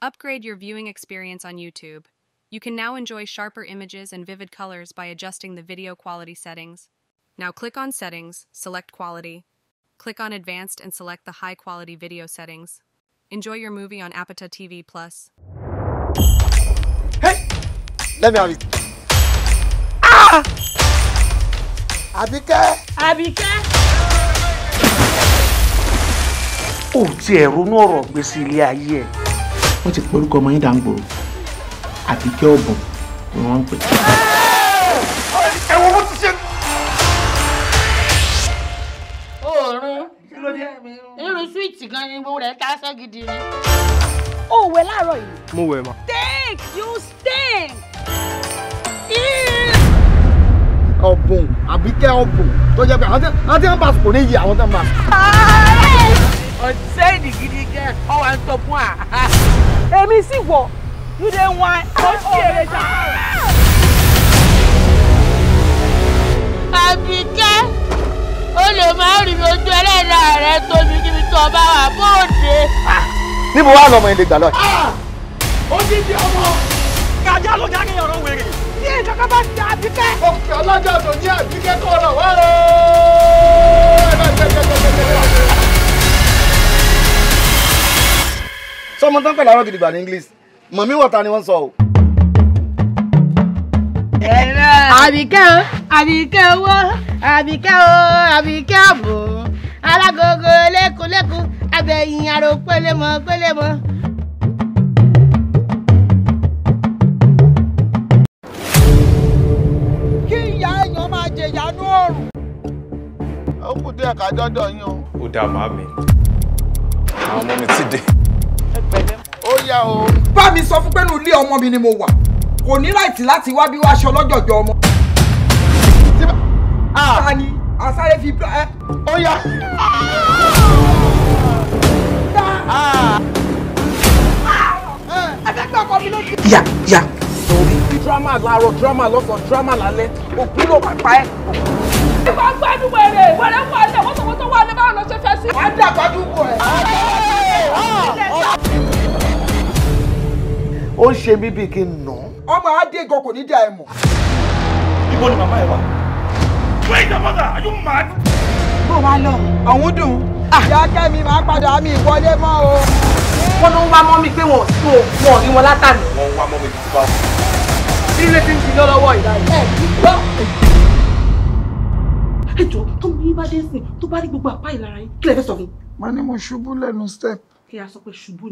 Upgrade your viewing experience on YouTube. You can now enjoy sharper images and vivid colors by adjusting the video quality settings. Now click on Settings, select Quality. Click on Advanced and select the High Quality Video settings. Enjoy your movie on Apata TV+. Plus. Hey! Let me have it. Ah! Abike! Abike! Ó tiẹ̀ ronú ọ̀rọ̀ wọ́n ti porúkọ ọmọ yín dàǹgbòrò àbíkẹ́ ọ̀bùn ni wọ́n ń pè. ẹ̀wọ̀n mo ti ṣe. oòrùn irun swíìtì gan ni gbogbo rẹ̀ ta sẹ́ gidi ni. o wẹ̀ láàárọ̀ yìí. mo wẹ̀ ma. take you stay. ọ̀bùn àbíkẹ́ ọ̀bùn tó jẹ́ pé àwọn tí wọ́n bá sùn kò ní yí àwọn tí wọ́n bá sùn. ọ̀sẹ̀ ìdí gidi gẹ́ ọ wà ń sọ fún wa èmi sì wọ̀ you dey wine ó sì èrè jà. àbíkẹ́ O lè máa rí mi ojú ẹlẹ́dàá rẹ tóbi kíbi tó bá wà bóde. níbo wàá lọmọ ilé gbà lọ. ó ah! ti di ọmọ kájà ló jáde ọ̀rọ̀ wèrè tí èèyàn kan bá ti àbíkẹ́. òkè ọlọ́jọ́ tó ní àbíkẹ́ tó rọ̀ wá o. sọmọ tán pẹ̀lú àárọ̀ gidigba ní English mọ̀mí wọ̀ta ni wọ́n sọ o. àbíkẹ́ o àbíkẹ́ owó àbíkẹ́ o àbíkẹ́ ààbò alágogo lẹ́kùnlẹ́kùn abẹ́yìn àrò pélémọ́ pélémọ́. kí ìyá èèyàn máa jẹ̀yánú ọ̀rùn. ó kù díẹ̀ ká dọ́dọ̀ yín o. ó dá màmí àwọn ọmọ mi ti dé ó yá o. bá mi sọ fún pé nínú ilé ọmọ mi ni mo wà kò ní láìtì láti wá bí wàá ṣe ọlọ́jọ̀jọ̀ ọmọ. ta ah. ni asáré fi ẹ. ó yá. Ah. Ah. ẹ fẹ́ gbà ọkọ mi lójú. yà yà. drama láàárọ̀ drama lọ́sàn-án drama lálẹ́ òkú ló wà pa ẹ́. ìwà wẹ̀rẹ̀ wẹ̀rẹ̀ wọ̀ ẹ́ wọ́tọ̀wọ́tọ̀ wà lẹ́bàá ọ̀nà tó sí. wàá dàgbàdùn wọ̀ ẹ́ ó ń ṣe mí bíi kí n nà. ọmọ adégan kò ní dá ẹ mọ̀. ibo ni màmá ẹ wà. wait a mother are you mad. bó wa lọ ọ̀hún dùn. Ah! ìyá kẹ́mi máa padà mi ìwọlé mọ́ o. wọ́n ló ń wá mọ́mí pé wọ́n tó wọn ò ní wọn látàmì. wọ́n ń wá mọ́mí títí báwo. ilé ti ń fi lọ́wọ́ ìdáyìí. ẹ ti gbọ́. ẹjọ tó ń bí bá dé sìn tó bá rí gbogbo àpá ìlara yín kí lè fẹ́ sọ fún. má ní mo ṣubú lẹ́nu step que a sọ pé ṣubú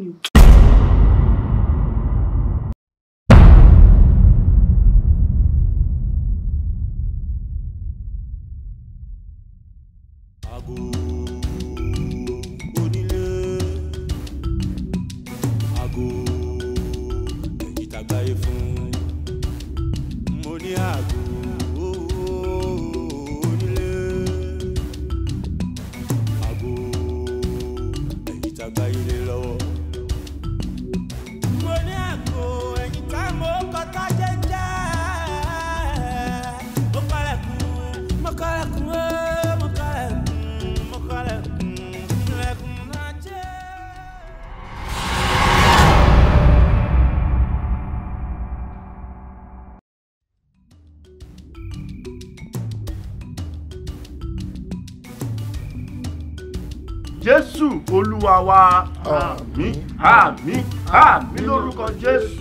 mi àmín àmín lórúkọ Jésù.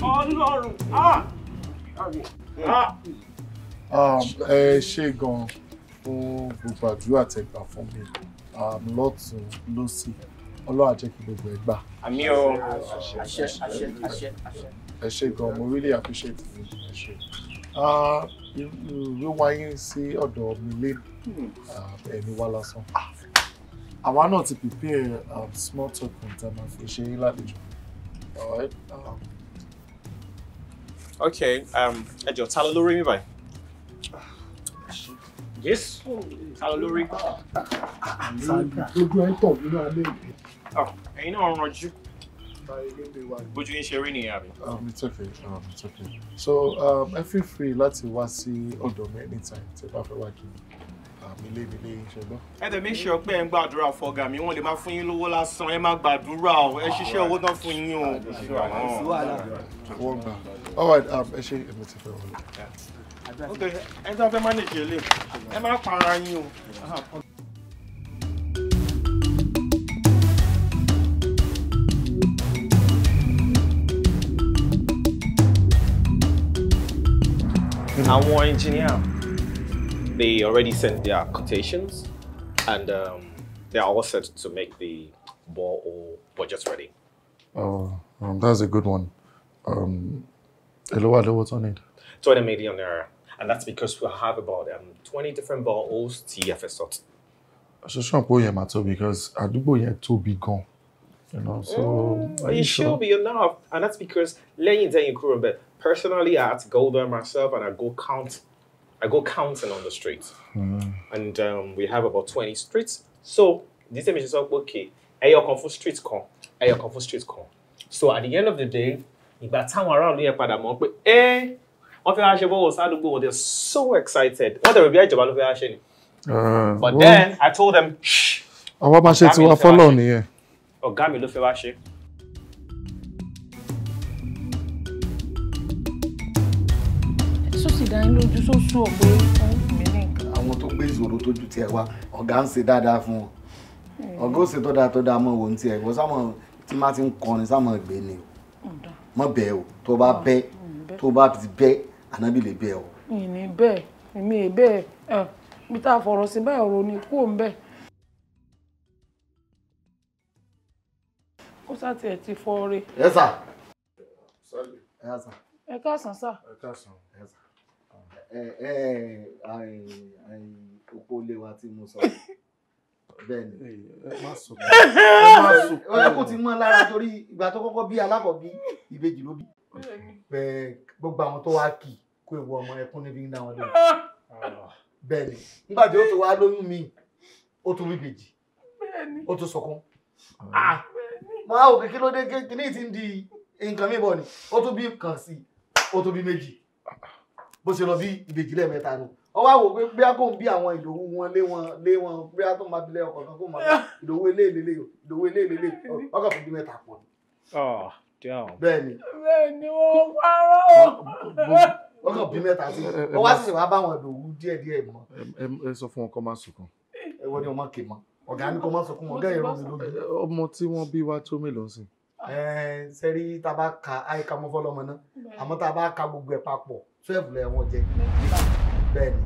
Ọlọ́run ẹ ṣe gan-an fún gbogbo àdúrà tẹgbà fún mi lọ́tún lọ́sì Ọlọ́run á jẹ́ kí gbogbo ẹ gbà. àmín o àṣẹ àṣẹ àṣẹ àṣẹ. ẹ ṣe gan-an mo really appreciate you ẹ ṣe ìwé wáyé sí ọ̀dọ̀ mi lé ẹni wá lásán àwa náà ti prepare um, small talk on time àfi ṣe é lálejò. All um. Okay, um, ẹ jọ̀ọ́ ta ló lórí Yes, báyìí? Jésù, Oh, and you know ẹ̀ ń tọ̀ nínú alẹ́ ìwé. Oh, ẹ̀yin Um, It's okay, um, it's okay. So, um, I feel free láti wá sí ọ̀dọ̀ mi anytime tí ẹ bá fẹ́ wá kí ẹ tẹ̀ mí ṣe ọpẹ́ ẹ̀ ń gbàdúrà fọ́gà mi wọ́n lè máa fún yín lówó lásán ẹ má gbàdúrà o ẹ ṣiṣẹ́ owó tán fún yín o. all right um, ẹ ṣe èmi ti fẹ́ wọlé. ok ẹ tí wọ́n fẹ́ manage ilé ẹ má para yín o. àwọn engineer they already sent their quotations and um, they are all set to make the ball or budget ready. Oh, um, that's a good one. Um, hello. what's on it? 20 million naira. And that's because we have about um, 20 different ball holes TFS sort. So, Shampo Yamato, because I Adubo yet too big gone. You know, so. Mm, it should be enough. And that's because Lenny Denny Kurumbe, personally, I had to go there myself and I go count I go counting on the streets. Mm. And um, we have about 20 streets. So this image is like, okay, ẹyọ kan fún streets kan, ẹyọ kan fún streets kan. So at the end of the day, ìgbà táwọn aráàlú around here mọ̀ pé ẹ́ wọ́n fẹ́ wá ṣe bọ́wọ́ sádùúgbò wọn, they're so excited. Wọ́n dẹ̀rọ bí ìjọba ló fẹ́ wá ṣe ni. Uh, But then I told them, shh. Àwọn bá ṣe tiwa fọ́lọ̀ nìyẹn. Ọ̀gá mi ló fẹ́ wá ṣe. dá yín lójú sóṣù ọ̀pọ̀ orúkọ mi nìkan. àwọn tó gbé ìṣòro tójú tiẹ̀ wá ọ̀gá ń ṣe dáadáa fún wọn eh. ọ̀gá ò ṣe tó dáa tó dáa mọ́ òun tiẹ̀ wọ́n sámọ̀ tí má ti ń kọrin sámọ̀ gbé ni o mọ̀ bẹ́ẹ̀ o tó bá bẹ́ tó bá ti bẹ́ ànábì lè bẹ́ o. ìní bẹ́ẹ̀ èmi è bẹ́ẹ̀ mi tá a fọ̀rọ̀ sí báyìí ọ̀rọ̀ ni kúò ń bẹ̀. kó sátì ẹ̀ ti fọ́ re. ẹ sà. ẹ káàsán sà. ẹ káàsán. ẹ òpó ilé wa tí mo sọ bẹ́ẹ̀ni ẹ kó ti mọ́ lára torí ìgbà tó kọ́kọ́ bí alákọ̀ọ́bí ìbejì ló bí gbogbo àwọn tó wá kì kó ewu ọmọ ẹkún níbi ń dá wọn lọ bẹ́ẹ̀ni nígbà tí ó ti wá lóyún mi ó tún rí ìbejì ó tún sọkún ah! mo á wò kékeré ló dé kíní ti ń di nǹkan mi bọ̀ ni ó tún bí kan sí i ó tún bí méjì bó ṣe lọ bí ìbejì lẹ́ẹ̀mẹ́ta ni wọ́n wá wò pé bí a kò ń bí àwọn ìdòwú wọn lé wọn lé wọn bí a tó máa bilẹ̀ ọkọ̀ kan kó máa ìdòwú eléèlélé ìdòwú eléèlélé ọkọ̀ fún bí mẹ́ta pọ̀ ni. Ah, bẹ́ẹ̀ni. bẹ́ẹ̀ni wọ́n parọ́. ọkọ̀ bí mẹ́ta sí wọ́n wá sì wá bá àwọn ìdòwú díẹ̀díẹ̀ mọ́. ẹ sọ fún wọn kọ́ máa sunkún. ẹ wọ́n ní wọn máa kè mọ́ ọ̀gá ni kọ́ máa sunkún wọn ọ̀gá ìrọ̀ mi lójú. ọmọ tí wọ́n bí wá tó mélòó sí i sẹ́rí tá a bá ka àyíká mọ́fọ́ lọ́mọ náà àmọ́ tá a bá ka gbogbo ẹ̀ papọ̀ twelve lẹ́ wọ́n jẹ bẹ́ẹ̀ ni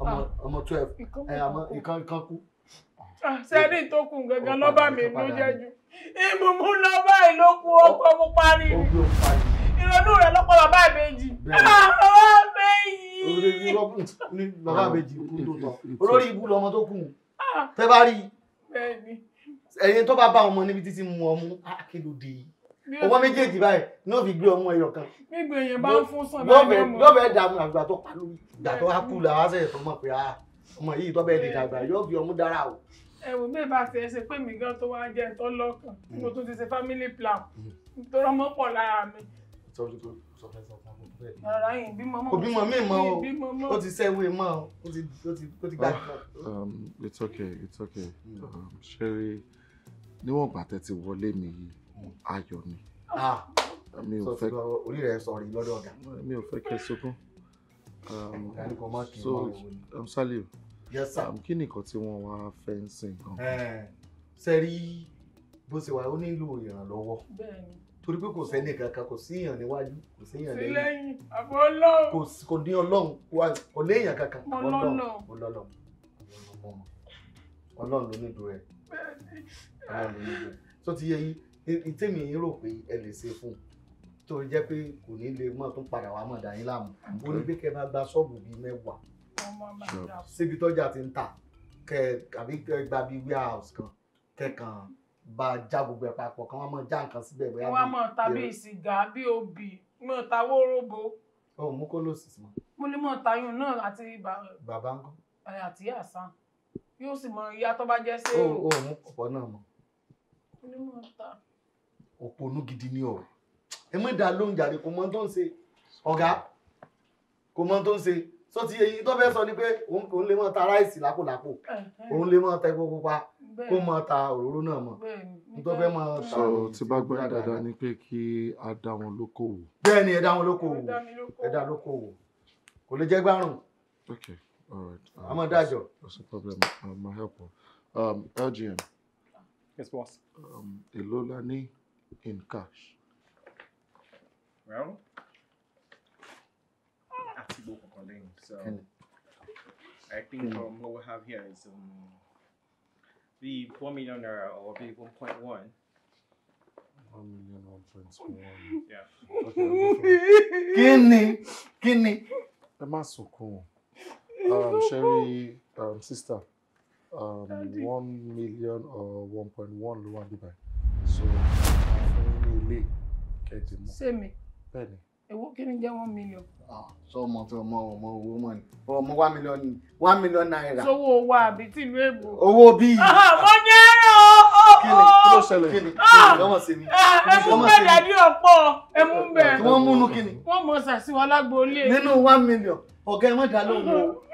ah. ọmọ twelve àmọ́ ìkan kan kú. sẹ́rí ah, tó kù gangan lọ́ba mi ló jẹ́ ju ìmùmú lọ́ba ìlókù ọkọ̀ mo parí ìrònú rẹ̀ lọ́pọ̀ bàbá ìbejì ah, bàbá ìbejì kú tó tọ̀ olórí ibú lọmọ tó kù tẹ́ bá rí i ẹyin tó bá bá ọmọ níbi títí mu ọmú akédòdè yìí ọwọ́ méjèèjì báyìí ní òfin gbé ọmọ ẹyọ kan. gbígbé yẹn bá ń fún sàn láì mọ̀. yóò bẹ́ẹ̀ dààmú àgbà tó pa lórí ìgbà tó wá kú làwọn àṣẹ tó mọ̀ pé ah, ọmọ yìí tó bẹ́ẹ̀ lè dàgbà yóò fi ọmú dára o. ẹ wò bẹ́ẹ̀ bá ti ẹ ṣe pé mi gan tó wá jẹ́ ǹtọ́ lọ́kàn mm. mo tún ti ṣe family plan mm. nítorí ọmọ pọ̀ lára mi. rárá yìí bímọ mọ́ òbí mọ́ mi mọ́ o ó ti sẹ́wé mọ́ o ó ti gbàgbọ́. Um, it's okay it's okay mm. um, Sherry níwọ̀n ìgbà tẹ́ ti wọlé mi ayọ̀ ni. Ah, mi ò fẹ́ orí rẹ̀ sọ̀rọ̀ lọ́dọ̀ ọ̀gá. mi ò fẹ́ kẹ́ sunkún. Um, so um, Saliu kí ni nǹkan tí wọ́n wá fẹ́ ń sìn gan. sẹ́rí bó ṣe wà ó nílò ìrànlọ́wọ́ torí pé kò sẹ́ni kankan kò sí èèyàn níwájú kò sí èèyàn lẹ́yìn àbọ̀ ọlọ́run kò ní ọlọ́run kò léèyàn kankan ọlọ́run ọlọ́run ló nílò rẹ̀ so ti yẹ yí tèmi yín rò pé ẹ lè ṣe fún un tó jẹ́ pé kò ní lè mọ̀ tó padà wá mọ̀ dání láàmú ó ní pé kẹ́ máa gba ṣọ́ọ̀bù bíi mẹ́wàá síbi tọ́jà ti ń tà kẹ àbí kẹ gba bíi warehouse kan kẹkàn bá já gbogbo ẹ̀ papọ̀ kí wọ́n máa já nǹkan síbẹ̀ bóyá wọ́n máa ta bíi sìgá bíi obì máa ta wóróbo. mú kó lò sí sí mọ́. mo ní máa tayún náà àti bàbá. àti àṣà yóò sì mọ ìyá tó bá jẹ́ sí. ó ó mú pọ̀pọ̀ náà mọ́ òpònú gidi ni ọ ẹ mọ ìdá ló ń jàre kò mọ tó ń ṣe ọ̀gá kò mọ tó ń ṣe sọ ti èyí tó fẹ́ sọ ni pé òun lè mọ ta ráìsì lápòlápò òun lè mọ ta epo pupa kó mọ ta òróró náà mọ n tó fẹ́ mọ ta òróró náà. sọ ti bá gbọ́ dáadáa ni pé kí a dá wọn lókòwò. bẹ́ẹ̀ ni ẹ dá wọn lókòwò ẹ dá lókòwò kò lè jẹ́ gbárùn. okay all right. àmọ́ dájọ́. that's a problem i'm a lgm. Yes, boss. Um, Elolani in cash. Well, so I think um, what we have here is um, the four million or the one point one. One million one point one. Yeah. Okay, Guinea! will go Um, Sherry um, sister. um, one million or one point one ló wà so only ilé kẹtì mọ. sẹ́mi bẹ́ẹ̀ni. èwo kí ni jẹ́ one million. Ah, so tó more, more owó mọ ni ọmọ one million ni one million naira. sowó wa àbí tìlú èbò. owó bíi. mo ní ẹ̀rọ kíni kí ló ṣẹlẹ̀ kíni lọ́mọ ah, sí mi. ẹmu ń bẹ dàbí ọ̀pọ̀ ẹmu ń bẹ. wọ́n múnú kíni. wọ́n mọ sàṣìwọ́n lágbo ilé. nínú one million ọ̀gá ẹ̀ wọ́n dá lóhùn o.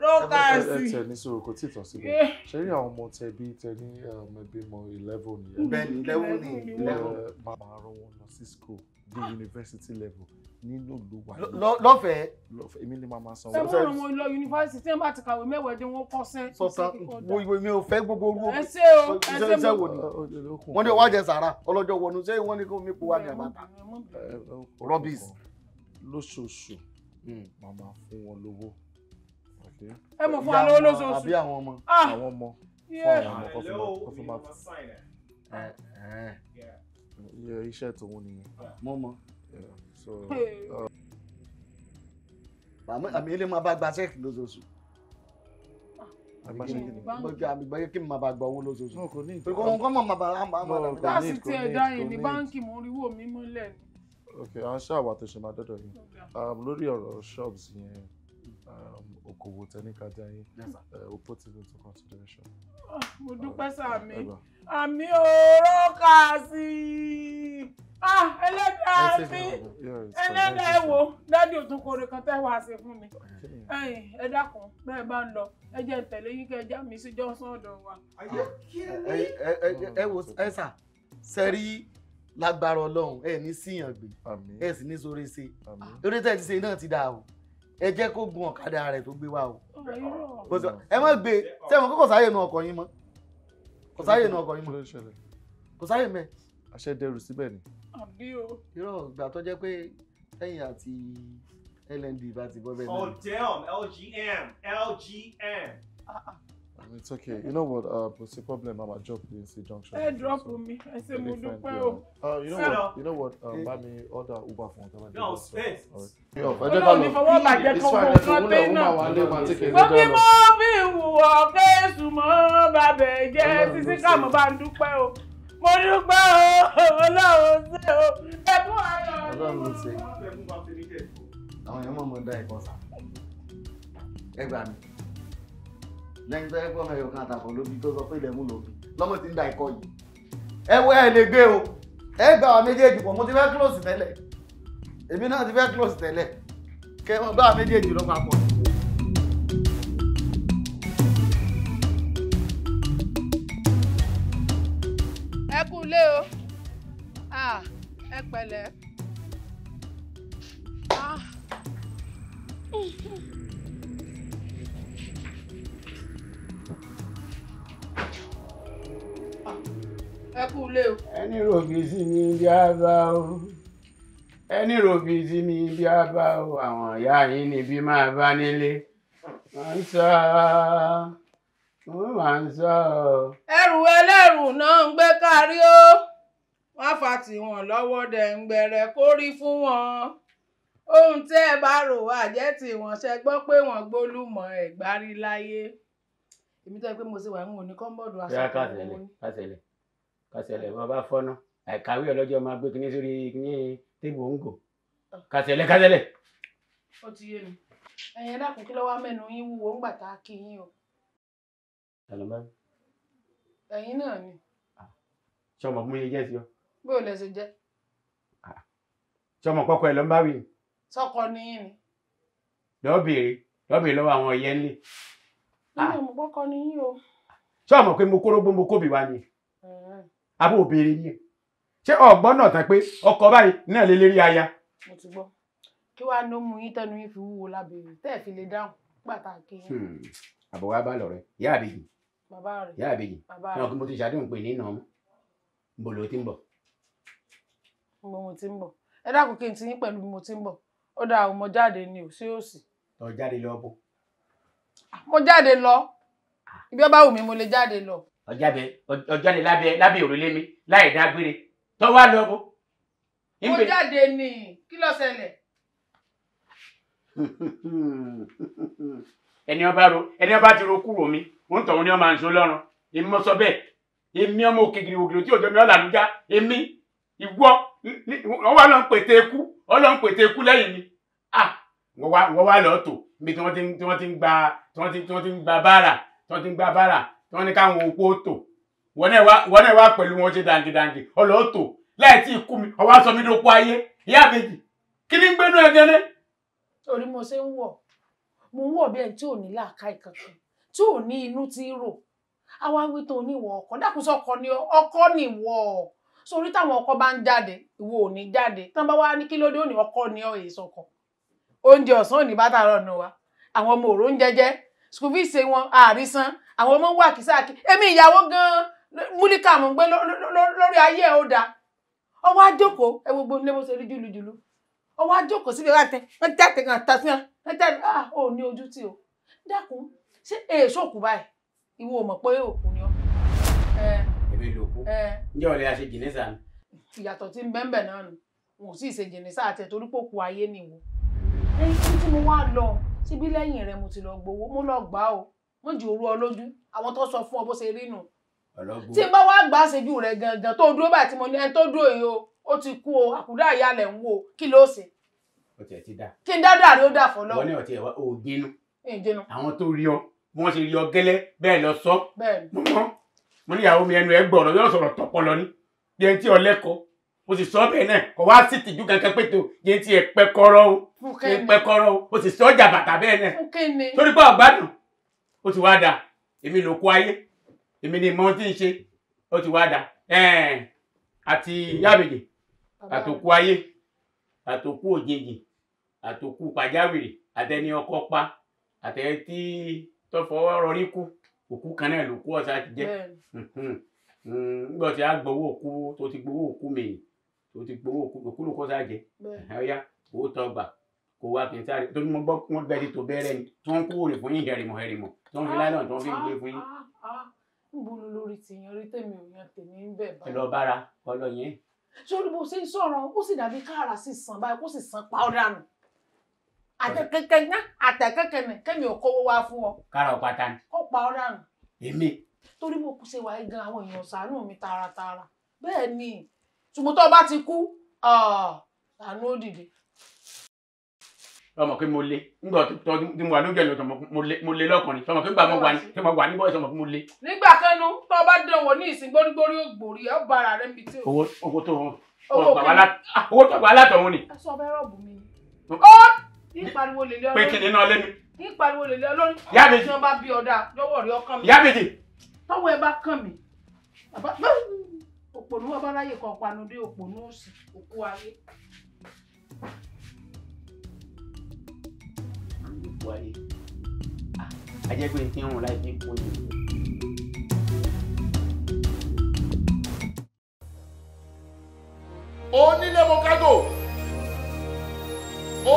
lókàsì. ẹ tẹ ní sọ̀rọ̀ kò tí ì tán ṣe rí àwọn ọmọ tẹ bí tẹ ní ẹbí eleven ni. eleven ni eleven. màmá wọn lọ sí school di university level nínú ìlú wa. lọ́fẹ̀ẹ́. lọ́fẹ̀ẹ́ èmi ni màmá sanwó. ṣé wọn lọ yunifásitì tí wọ́n bá ti kàwé mẹ́wàá dé wọ́n kọ́ sẹ́. sọta wo mi ò fẹ́ gbogbo owó. ẹ ṣe o ẹ ṣe mi. wọ́n ní wájẹ sàrà ọlọ́jọ́ wọnú ṣé wọ́n ní kó mi kó wá ní àbáta. rubbish. lóṣooṣù màmá fún wọn lówó ẹ mọ̀ fún alówó lóṣooṣù àbí àwọn ọmọ ah! àwọn ọmọ fún àwọn ọmọ kọfí máa kọfí máa iye tòun nìyẹn uh, mọ́ mọ́ àmì ilé máa bá gba sẹ́ẹ̀kì lóṣooṣù ah, àgbáyé kí n máa bá gba owó lóṣooṣù pé kò kọ́ mọ̀ máa bá a máa dàgbà. láti ti ẹ̀dá ní báńkì mo rí wò mí mọ́lẹ̀ ok à ń ṣàwà tó ṣe máa dọ́dọ̀ yìí um, lórí ọ̀rọ̀ shops yẹn okòwò tẹ́níkàjá yín o put it into consideration. Ah, mo dúpẹ́ sàmì àmì òórọ́ kà sí i ẹlẹ́dàá ah, mi ẹlẹ́dàá ẹ wo dádì òtún kan tẹ́ wàá ṣe fún mi ẹ dákun bẹ́ẹ̀ bá ń lọ ẹ jẹ́ tẹ̀lé yín kẹ́ ẹ já mi sí Johnson ọ̀dọ̀ wa. ẹ wo ẹ sà sẹ́rí lágbára ọlọ́run ẹ ní síyàn gbé ẹ sì ní sóre ṣe eré tẹ̀ ti ṣe náà ti dáa o ẹ jẹ́ kó gun ọ̀kadà rẹ̀ tó gbé wá o. ẹ má gbé sẹ́wọ̀n kó kò sáyè nu ọkọ̀ yín mọ́ kò sáyè nu ọkọ̀ yín mọ́ kò sáyè mẹ́. àṣẹ dẹrù síbẹ̀ ni. àbí o. irọ́ ìgbà tó jẹ́ pé ẹ̀yìn àti LND bá ti bọ́ bẹ́ẹ̀ náà. ọ̀dẹ́ọ̀m LGM LGM. Ah, ah it's okay you know what Uh, kò the problem mama drop the nc junction. ẹ drop mi me. I say, dúpẹ́ Uh, you know what you know what um, eh. Buy me order uber No space. fún But bàjẹ́. no space. olóòní fọwọ́ bàjẹ́ kan kò kán pé náà bóbí mo fi wùwọ́ kéésù mọ́ bàbẹ̀ jẹ́ sísí káàmù bá ń dúpẹ́ o mo dúpẹ́ o ọlọ́run ṣe o ẹ̀bùn ayọ̀ ni. ọlọ́run ṣe àwọn èèyàn mọ̀ mọ́ dá ẹ̀kọ́ sá ẹgbàá mi lẹ́yìn tó yẹ kó ọmọ ẹ̀yọ̀ kan àtàkùn lóbi tó sọ pé ilẹ̀ mú lòbí lọ́mọ ti ń da ikọ̀ yìí ẹ wọ ẹ lè gbé o ẹ gbà wá méjèèjì pọ̀ mo ti fẹ́ close tẹ́lẹ̀ èmi náà ti fẹ́ close tẹ́lẹ̀ kẹ́ ẹ bá méjèèjì lọ́ papọ̀. ẹ kú ilé o ẹ pẹ̀lẹ́. Ah. ẹ kú ilé o. ẹni ròbí sí mi bí a bá o ẹni ròbí sí mi bí a bá o àwọn ìyá yín níbí máa bá nílé máa ń sọ ọ máa ń sọ ọ. ẹrù ẹlẹ́rù náà ń gbé kárí o wọ́n fa tiwọn lọ́wọ́ dẹ̀ǹgbẹ̀rẹ̀ kó rí fún wọn ohun tẹ́ ẹ bá rò àjẹ́ tí wọ́n ṣe gbọ́ pé wọ́n gbólúmọ̀ ẹ̀gbárí láyé èmi tó pé mo ṣe wà ń wò ní kọ́ńbọ̀dù aṣọ àwọn ọmọ mi kàṣẹlẹ̀ bàbá fọ́nà àìkàwé ọlọ́jọ́ máa gbé kinní sórí kinní tébù òǹgò kàṣẹlẹ̀ kàṣẹlẹ̀. ó ti yé mi ẹ̀yin dákun kí ló wá mẹ́nu yín wúwo ńgbà tá a kí yín o. àlọ́mọ́. ẹ̀yin náà ni. Ah, ṣé ọmọ mú yín jẹ́ sí ọ. bí o lè ṣe jẹ́. Ah, ṣé ọmọ kọ́kọ́ ẹ ló ń bá wí. sọkọ ni yín ni. lọ́ọ́ béèrè lọ́ọ́ béèrè lọ́wọ́ àwọn ìyẹn ńlẹ̀. nínú ah. ọmọ kọ́kọ́ ni o. ṣé ọmọ pé mo kórógbó mo kóbi wá ni abó òbèrè ni ẹ̀ ṣé ọ̀gbọ́n náà tán pé ọkọ báyìí náà lè lérí aya. mo ti gbọ́ kí wàá ló mú yín tẹnu yín fi wúwo lábẹ́rẹ́ tẹ́ ẹ̀ fi lè dáhùn pàtàkì. Hmm. àbọ̀ wa bá lọ rẹ yá àbèjì yá àbèjì náà kí mo ti ṣàdéhùn pé nínú ọmọ níbo ló ti ń bọ̀. níbo mo ti ń bọ̀ ẹ dákun kí n ti yín pẹ̀lú bí mo ti ń bọ̀ ó dáa mo jáde ni ò sí òsì. lọ jáde lọ bó. Ah, mo jáde lọ ibi ah. ọba wù mí mo lè jáde lọ ọjáde lábẹ́ lábẹ́ òrùlé mi láì dágbére tó wá lọ bó. mo jáde ní kí ló ṣẹlẹ̀. ẹni ọba ro ẹni ọba ti ro kúrò mi òun tọ̀hún ni ọmọ àǹṣó lọ́rùn èmi mo sọ bẹ́ẹ̀ èmi ọmọ òkègìrì ògìrì tí òjò mi ọ̀là lùjá èmi ìwọ ọwọ́ ló ń pètè ikú ọlọ́ ń pètè ikú lẹ́yìn mi ah wọ́n wá lọ́ọ́ tò níbi tí wọ́n ti ń gba báárà tí wọ́n ti ń gba báárà tí wọ́n ní káwọn opó tò wọ́n náà wá pẹ̀lú wọn ṣe dàǹgìdàǹgì ọ̀lọ́ tò láì tí ì kú mi ọwọ́ aṣọ mi dókó ayé ìyá àbèjì kí ni ń gbénú ẹ gẹ́gẹ́. torí mo ṣe ń wọ̀ mo ń wọ̀ bí ẹni tí ò ní làákàyè kankan tí ò ní inú tí ń rò àwa wí tó ní ìwọ ọkọ dákúnṣe ọkọ ni ọkọ ni ìwọ sórí táwọn ọkọ bá ń jáde ìwọ ò ní jáde tán bá wá ní kí lóde òní ọkọ ni ọ èso oúnjẹ òní bá wa àwọn ọmọ ń jẹjẹ wọn àrísán àwọn ọmọ wà kìsáàkì èmi ìyàwó gan múlíkà mò ń gbé lórí ayé ẹ̀ ó dáa ọwọ́ àjòkó ẹ gbogbo ilé bó ṣe rí jùlùjùlù ọwọ́ àjòkó síbi láti wọ́n ti àtẹ̀gàn àtàfihàn wọ́n ti àtẹ̀gàn ah ò ní ojú tí o dákun ṣé èso kù báyìí ìwọ ò mọ̀ pé òkú ni ọ́. èmi ló kú ǹjẹ́ ọ̀lẹ́ àṣẹ jìnnìṣà ni. ìyàtọ̀ tí ń bẹ́ńbẹ̀ náà nù wọn ò sì ṣe jìnnìṣà àti ẹ̀tọ́ orípò kù ayé nìwọ. ẹyin tí mo wá lọ síbí lẹ́yìn rẹ mo ti lọ gbowó mo lọ gbà á o wọ́n jù òru ọ lójú àwọn tó sọ fún ọ bó ṣe rí nù. tí bá wá gbà ṣẹ́jú rẹ̀ gangan tó dúró báyìí tí mo ní ẹni tó dúró yìí o ó ti kú o àkùdá ìyálẹ̀ ń wo kí ló ṣe. o tiẹ̀ ti dà. kí n dáadáa rí ó dà fọlọ́. wọ́n ní ọ̀tí ẹ̀ wá o dínú. ìdínú. àwọn tó rí ọ bí wọ́n ṣe rí ọ gẹ́lẹ́ bẹ́ẹ̀ lọ sọ. bẹ́ẹ̀ mo ní ìyàwó mi ẹnu ẹ gbọ̀rọ̀ yóò sọ̀rọ̀ tọ̀pọ̀lọ ní bí ẹni tí ọ lẹ́kọ̀ọ́ o sì sọ bẹ́ẹ̀ náà kò wá sí tìjú kankan pé tó yẹn ti ẹ̀ pẹ́kọ́rọ́ o ẹ̀ pẹ́kọ́rọ́ o o sì sọ jàbàtà bẹ́ẹ̀ náà torí pé ọ̀gbádùn ó ti wá dà èmi ló kó ayé èmi ni mọ tí ń ṣe ó ti wá dà àti yábèjì àtòkù ayé àtòkù òjijì àtòkù pàjáwìrì àtẹni ọkọ pa àtẹni tí tó fọwọ́ rọrí kú òkú kan náà ló kú ọ̀sá ti jẹ́ nígbà tí a gbowó òkú tó ti gbowó òkú mèyí tó ti gbowó òkú lòkú lòkú ọ̀sá jẹ́ ọ̀ya owó tó kò wá kì í sáré torí mo gbọ́ wọ́n gbẹ́dí tó bẹ́rẹ̀ tó ń kúrò fún yín ìdẹ̀rìmọ̀ ẹ̀rìmọ̀ tó ń fi láìlọ́n tó ń fi gbé fún yín. níbo ah, ah, ah, ni lórí ti yan orí tèmi ò yan tèmi ń bẹ̀ báyìí. ẹ lọ bára ọlọ yẹn. sórí bó ṣe ń sọ̀rọ̀ ó sì dàbí káàrà sì sàn báyìí kó sì sàn pa ọ́ dànù. àtẹ̀kẹ́kẹ́ ná àtẹ̀kẹ́kẹ́ nì kẹ́mi ò kówó wá fún ọ. kára ọ̀pá ta ni. ó pa ọ́ dànù. èmi. torí mo ọmọ pé mo le ńgbà tó tí mo wà lójú ẹ̀lọ́ mo le lọ́kùnrin ọmọ pé gbà mo wà ní tí mo wà ní bọ́ọ̀sì ọmọ mo le. nígbà kanu tó o bá dán wò ní ìsìn gbórígbórí ògbòrí ọ bá ara rẹ níbi tí o. owó owó tó ah, owó tó gbà látọ̀hún ni. aṣọ ọbẹ̀ rọ̀bù mi. Hm. ó ní ìpariwo lè lé ọlọ́run. pé kí ni iná lé mi. ní ìpariwo lè lé ọlọ́run. yábèjì tí wọ́n bá bí ọ̀dà lọ́wọ́ rẹ ọkàn mi. yábèjì. tọ́wọ́ ẹ bá kàn mí òpònú ọba láyè kan panu buhari ah, àjẹgbẹ́ tí ń rùn láì fi kú ni. onílé mokago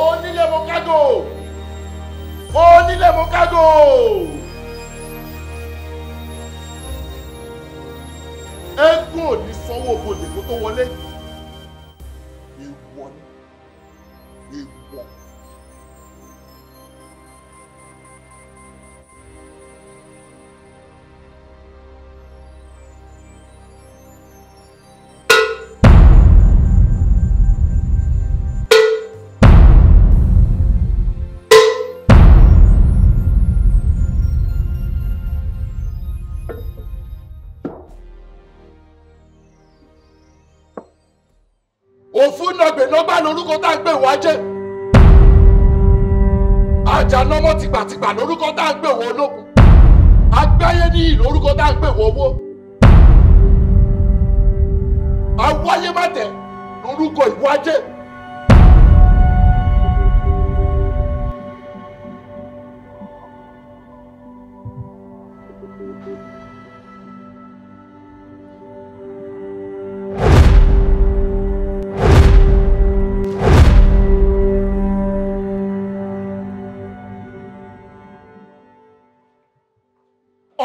onílé mokago onílé mokago. eégún ò ní sanwó bodè kó tó wọlé. gbẹ̀nàgbẹ̀nàgbà lórúkọ tá à ń pè wá jẹ́ àjànàmọ́ tìgbàtìgbà lórúkọ tá a ń pè wọ ológun agbáyé ní ìlú tá à ń wọ owó awáyé má tẹ̀ lórúkọ ìwájẹ́.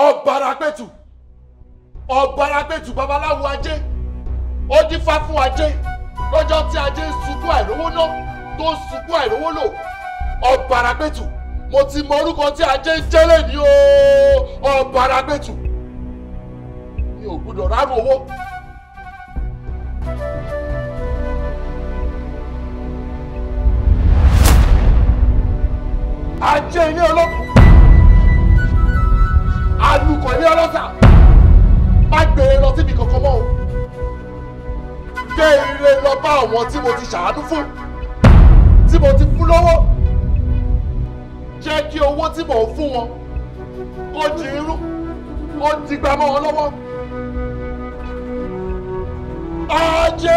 ọ̀bàràpẹ̀tù ọ̀bàràpẹ̀tù babaláwo ajé ó dífá fún ajé lọ́jọ́ tí ajé ń sunkún àìrówó ná tó ń sunkún àìrówó lò ọ̀bàràpẹ̀tù mo ti mọ orúkọ tí ajé ń jẹ́lẹ̀ ní o ọ̀bàràpẹ̀tù mi ò gbúdọ̀ rárú owó. ajé ilé olóko. gbére ọlọ́sà má gbére lọ síbi kankan mọ́ o gbé ire lọ bá àwọn tí mo ti ṣàánú fún tí mo ti fún lọ́wọ́ jẹ́ kí owó tí mò ń fún wọn kó jí irú kó dìgbà mọ́ wọn lọ́wọ́ ajé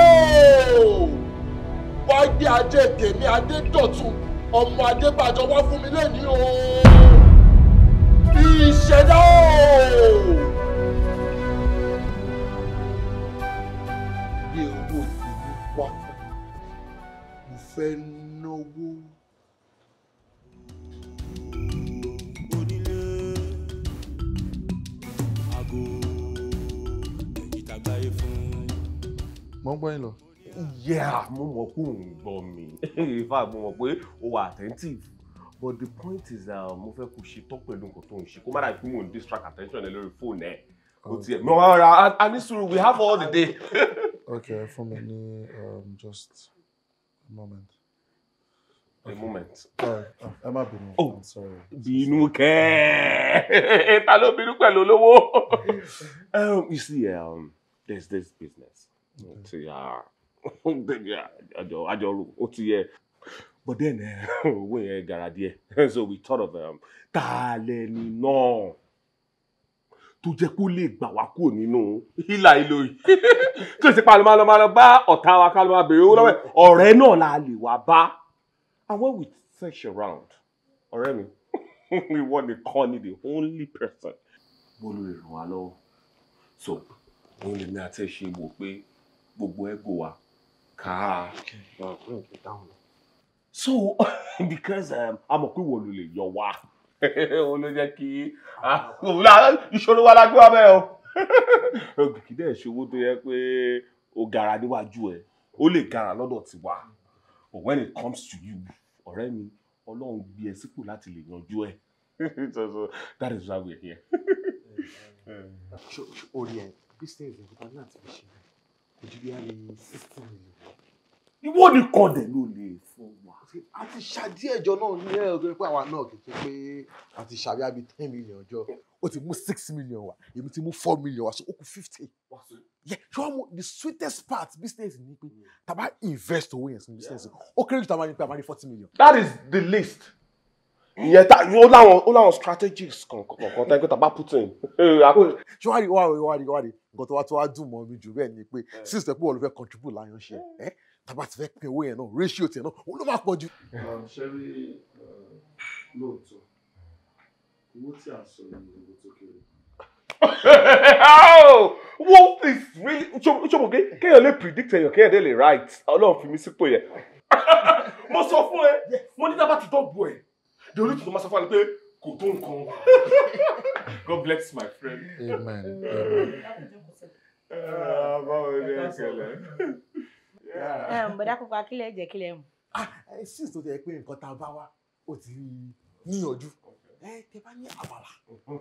wá gbé ajé tèmi adé dọ̀tun ọmọ adébàjọ wá fún mi lẹ́ni o ìṣẹ̀dá ooo. bí owó ìlú wá mo fẹ́ náwó. onílé aago èyí tàgbáyé fún. mo ń gbọ́ yín lọ. yẹ́à mo mọ̀ mi in fact mo mọ̀ pé o wà attentive but the point is um, mo fẹ́ kó ṣe tọ́ pẹ̀lú nǹkan tó ń ṣe kó má dàbí pé mò distract attention ẹ lórí fóònù ẹ o tiẹ̀ mọ ara a ní sùúrù we have all the day. okay fún mi ní um, just a moment. Okay. A moment. Uh, ẹ má bínú. Oh, bínú kẹ́ẹ̀. Ta ló bínú pẹ̀lú olówó? Um, you see, um, there's this business. Ó ti ah, ah, àjọ àjọ ó ti yẹ but then eh, owó yẹn gara díẹ̀ so we thought of um, ta ni no, tó jẹ́ kó lè gbà wá kúrò nínú ìlà ìlò yìí tó sì pa àlùmọ́ àlùmọ́ bá ọ̀tá wa ká lọ́mọ béèrè owó lọ́wọ́ ọ̀rẹ́ náà la lè wá bá and when we search around ọ̀rẹ́ mi we ìwọ call ni the only person bólú lè ràn wá lọ́wọ́ so òun lèmi àti ẹ̀ ṣe wò pé gbogbo ẹ̀ gò wá ká. Okay. Okay. Okay so because um, a mọ̀ pé wọ́n ló lè yọ wá òun ló jẹ́ kí ah, ìṣòro wa lágbó abẹ́ o ògìkì dẹ̀ ṣòwò tó yẹ pé o gara níwájú ẹ o lè gara lọ́dọ̀ tiwa but when it comes to you ọ̀rẹ́ mi ọlọ́run gbé ẹ sípò láti lè yanjú ẹ so so that is why we are here. orí ẹ business ìgbàgbọ́ náà ti fi ṣe kò ju bí a lè sixty million ìwọ nìkan dẹ̀ ló lè fún wa. a ti ṣàdí ẹjọ́ náà ní ẹ̀rọ pé àwa náà kì í ṣe pé a ti ṣàbí àbí ten million jọ o ti mú six million wa èmi ti mú four million wa so ó kù fifty. yẹ ṣé wọn the sweetest part business ni pé hmm. taba invest owó yẹn sí business ó kéré jù taba ni pé a máa ní forty million. that is the least ìyẹn ta ó láwọn ó láwọn strategies kọ̀ọ̀kan tẹ́ pé tàbá putin. ṣọwárí wàrí wàrí wàrí nǹkan tó wá tó wá dùn mọ́ mi jù bẹ́ẹ̀ ni pé hmm. since pé wọ́n ló fẹ́ contribute láyọ̀ ṣe hmm tàbá ti fẹ́ pín owó yẹn náà ratio tiẹ̀ náà ó ló máa pọ̀ jù. Um, ṣé uh, lóòótọ́ owó tí a sọ yìí owó tó kéré. What is really ṣọ́mọ̀ pé kéèyàn lè predict èèyàn kéèyàn dé lè right ọlọ́run fi mi sípò yẹn. Mo sọ fún ẹ, mo ní dábàá ti dọ́gbù ẹ̀. The only thing to máa sọ fún ẹ ni pé kò tó nǹkan. God bless my friend. Amen. Uh, báwo ni ẹ kẹlẹ? bọ̀dá pupa kílẹ̀ jẹ́ kílẹ̀ mu. sí tó tẹ pé nǹkan tá a bá wá ó ti níyànjú eh, tẹ bá ní àmàlà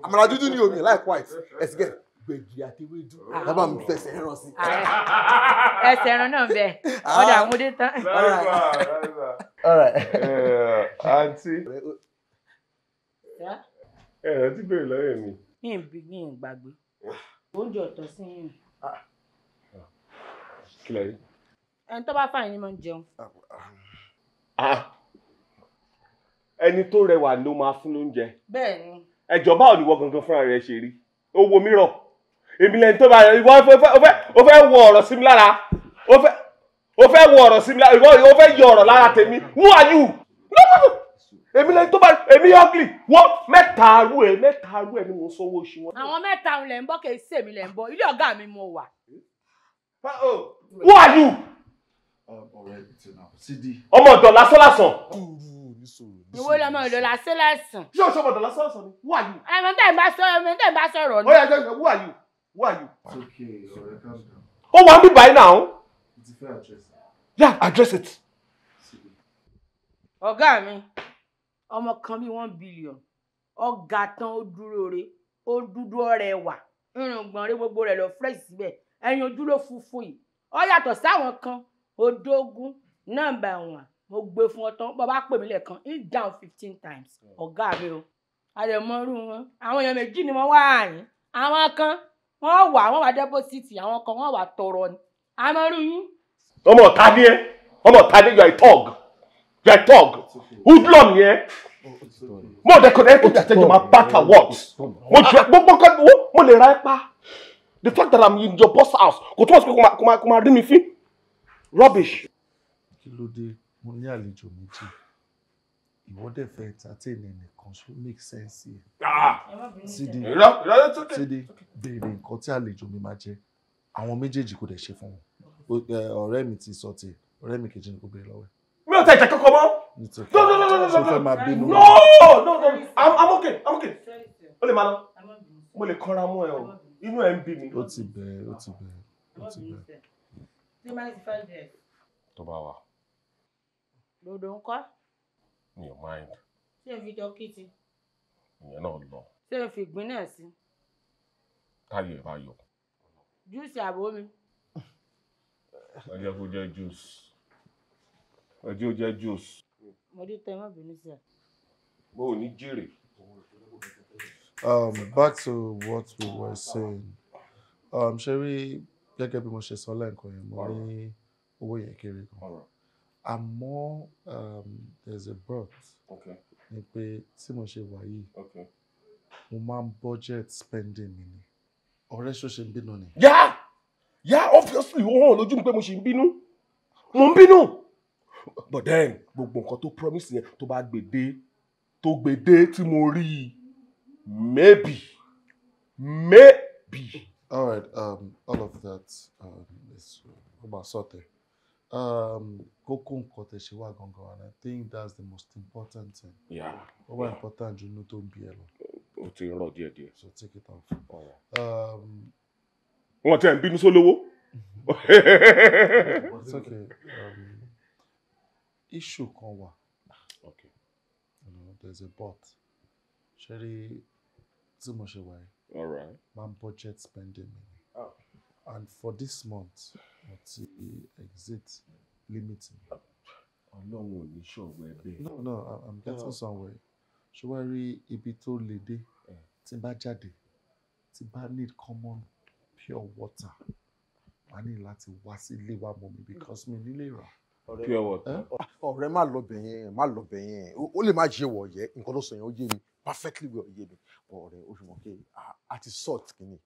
àmàlà dúdú ni omi likewise ẹsì gẹ gbèjì àti ewédú bàbá ah. mi fẹsẹ̀ ẹran sí. Ah, ẹsẹ̀ ẹran náà bẹ̀ ah. ọ̀dà àmúdé tán. àǹtí eh, ẹ ẹ eh, ti béèrè lọ́yẹ̀ mi. mi ì bí mi ì gbàgbé oúnjẹ ọ̀tọ̀ sí yín. kí lẹ́yìn ẹni tó bá fàyín ni mo jẹun. Ah. ẹni tó rẹwà ló máa fún lóúnjẹ. bẹ́ẹ̀ni. ẹjọ báwo ni ìwọ gangan fúnra rẹ ṣe rí owó mìíràn èmi lẹni tó bá rẹ ìwọ ó fẹ́ wọ ọ̀rọ̀ sí mi lára ó fẹ́ wọ ọ̀rọ̀ sí mi lára ìwọ ó yọ ọ̀rọ̀ lára tèmi who are you èmi lẹni tó bá èmi ọ́gìlì wọ́n mẹ́ta arú ẹ̀ mẹ́ta arú ẹ̀ ni mo sanwó oṣù wọn. àwọn mẹ́ta ń lẹ̀ ń bọ́ kì í sèmi lẹ̀ ń bọ́ ilé ọ̀gá mi mo wà. who are you ọmọ ọ̀dọ̀ lásán lásán. ìwọ lọmọ ọ̀dọ̀ lásán lásán. yóò ṣe ọmọ ọ̀dọ̀ lásán lásán ni who are you. ẹ̀mọ tẹ̀ ń bá sọ ẹ̀mọ tẹ̀ ń bá sọ̀rọ̀ ni. ó yà jẹ́ who are you who are you. ó wà ń bí báyìí náà. yeah address it. ọ̀gá mi ọmọ kan bí one billion ọ̀gá tán ó dúró re ó dúdú ọ̀rẹ́ wà irùngbọ̀n rẹ̀ gbogbo rẹ̀ lọ fresh síbẹ̀ ẹ̀yin ojú ló funfun yìí ó yàtọ̀ sáwọn kan odógún nọ́mbà ẹ̀wọ̀n mo gbé fún ọ tán bàbá pè mí lẹ́ẹ̀kan in down fifteen times mm. ọ̀gá mi o àdèmọ́rú wọn àwọn èèyàn méjì ni wọ́n wá àyìn àwọn kan wọ́n wà wọ́n wà dẹ́pọ́sìtì àwọn kan wọ́n wà tọrọ ni àmọ́rú yín. ọmọ ọ̀tá ni ẹ ọmọ ọ̀tá ni you are a hoodlum ni ẹ mo dẹ ẹ kó jàjẹ jọ máa back and work mo jẹ gbogbo kan mo lè ra ẹ pa the fact that i'm in your boss house kò túmọ̀ sí pé kò máa rí mi fín rubbish. kí ló dé mo ní àlejò méjì ìwọ dẹ̀ fẹ́ entertain ẹnìkan so make sense yẹ. sídi sídi béèrè nǹkan tí àlejò mi máa jẹ àwọn méjèèjì kò dẹ̀ ṣe fún wọn eh, ọ̀rẹ́ mi ti sọ ti ọ̀rẹ́ mi kejì ni kò béèrè lọ́wọ́ ẹ̀. mi ò tẹ ìjà kankan mọ́. no no no no no no no no no no I'm, I'm okay I'm okay o lè máa lọ mo lè kanra mọ́ ẹ o inú ẹ ń bí mi. ó ti bẹ̀ẹ́ ó ti bẹ̀ẹ́ ó ti bẹ̀ẹ́ ṣé máa ń ti five years. tó bá wà. lòdò ń kọ́. mi ò máa ń. ṣé n fi jọ kìtì. ìyẹn náà lọ. ṣé n fi ìgbín náà sí. táyọ̀ ẹ̀ bá yọ. júùsì àbó mi. ẹ jẹ́ kó jẹ́ júùsì. ẹ jẹ́ kó jẹ́ júùsì. mo dé tẹ́ ẹ má bínú sí ẹ. mo ò ní jèrè. Um, back to what we were saying. Um, Sherry gẹ́gẹ́ bí mo ṣe sọ lẹ́ǹkan yẹn mo ní owó yẹn kéré kan àmọ́ um, there is a but ni pé tí mo ṣe wà yìí mo máa ń budget spending mi ni ọ̀rẹ́ ṣoṣe ń bínú ni. yá yá obviously ó hàn lójú mi pé mo ṣì ń bínú mo ń bínú but then gbogbo nǹkan tó promise yẹn tó bá gbèdé tó gbèdé tí mo rí i maybe maybe. All right, um, all of that um, is um, about sorted. Um, kókó nǹkan tẹ́ ṣe and I think that's the most important thing. Yeah. Ó wá important jù inú tó ń bí ẹ lọ. O So take it off. Um, Wọ́n ti ẹ̀ ń bínú sólówó. It's okay. Um, issue kan Okay. You know, there's a bot. Sherry, rí tí All right. Máa budget spending Oh. And for this month, mo ti exit limit mi. Ọlọ́run ò ní ṣọ̀wọ́ No no, I'm getting no. somewhere. Ṣé wàá rí ibi tó le dé? Eh. need common pure water, màá ní láti wá sí ilé because me nílé pure water. Oh, má lọ bẹ̀yẹn má lọ bẹ̀yẹn ó lè má jẹ́ wọ̀ọ́yẹ́ nǹkan perfectly well yé mi ọ̀rẹ́ oṣù mọ̀ pé a ti sort kìíní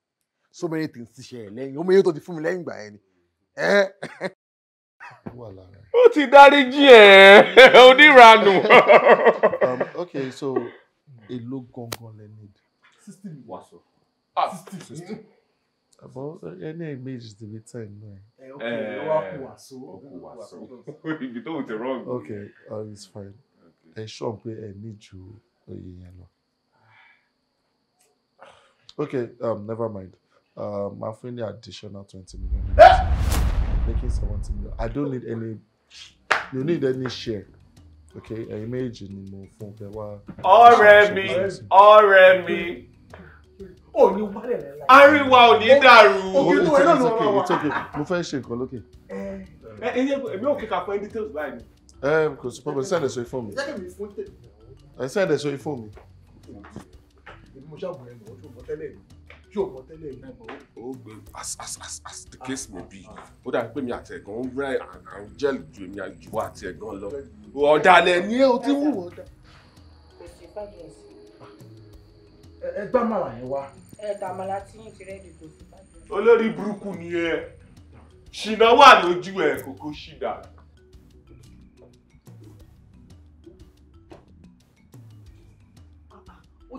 so many things ti ṣe ẹ̀ lẹ́yìn omi yóò tó ti fún mi lẹ́yìn ìgbà yẹn ni. ó ti dáríjì ẹ oníranù. Um, ok so èló gangan lẹ need. sixty ni wàá sọ. Ah, sixty sixty. àbọ̀ ẹni ẹ̀ méjì ti fi ten náà. ẹ ok ẹ wá kú wàásù. ó kú wàásù ibi tó ń ti rọ́ọ̀gì. ok all is fine ẹ ṣọ́ọ̀ pé ẹ ní ju oyè yẹn lọ. okay um, never mind Um, máa fún the additional twenty million making seventy million i don't need any you need any share okay ẹ̀yin méjì ni mo fún fẹ́ wá. ọ̀rẹ́ mi ọ̀rẹ́ mi òní wálẹ̀ rẹ̀ láì. àríwá ò ní dàrú. ojú tó iná ló máa wà. mo fẹ́ ṣe nǹkan lókè. ẹ eh, ẹ eh, eh, èmi ò kíkà fún ẹni tí ó báyìí. ẹ kò sí pọ́pọ́ sẹ́ni sọ fún mi ẹ sẹ́ ẹ̀dẹ̀ so fóònù mi. èmi mo as as as as the case may be ó dàbí pé mi àti ẹ̀gbọ́n ń rẹ́ àwọn jẹ́ẹ̀lì ju èmi àjùwọ́ àti ẹ̀gbọ́n lọ ọ̀dàlẹ̀ ni ó ti wù wọ́n dà. ẹ gbá màlà yẹn wá. ẹ gbàmàlà tí yín ti rẹ́ẹ̀dì tó fi bá jẹ. olórí burúkú ni ẹ ṣìnà wà lójú ẹ kókó ṣìdá.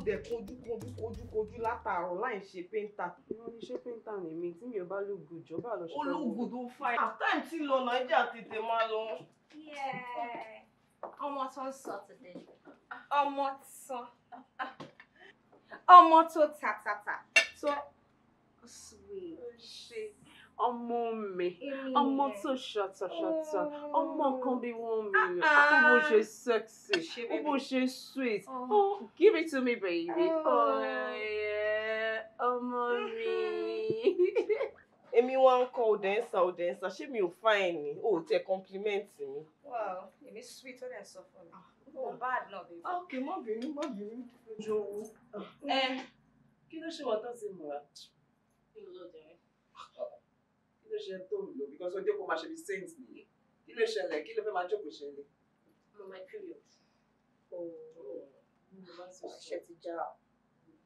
dẹ̀ kojú kojú kojú kojú látàárọ̀ láì ṣe péńtà. ìwọ ṣé péńtà ni mi tí mi ò bá look good jọba lọ ṣe fẹ́. ológun tó fà yà. time ti lọ nàìjà tètè máa lọ. ọmọ tó ń sọ tètè ọmọ tó ọmọ tó tàtàtà tó oh, sweet. Oh, ọmọ mi ọmọ tó ṣàtàṣàtà ọmọ oh. kan bí wọn mi ah, ó bó ah. ṣe sexy ó bó ṣe sweet oh. oh give it to me baby oh yeah ọmọ mi. èmi wá ń kọ òdẹ ń sa òdẹ ń sa ṣé mi ò fáìn ni o tẹ compliment mi. wow èmi sweet ó dẹ̀ sọ fún mi ah. o oh, bad náà bí. ok má bínú má bínú. jọ̀wọ́ ẹ eh, kí ló ṣe wọ́n tó ti múra kí ló lọ ló ṣe tó ń lò because ojú kò máa ṣe bí saint nìyí kí ló ṣẹlẹ̀ kí ló fẹ́ máa jókòó ṣẹlẹ̀. mo my period. ooo oh, mo máa sọ ṣe ti já o.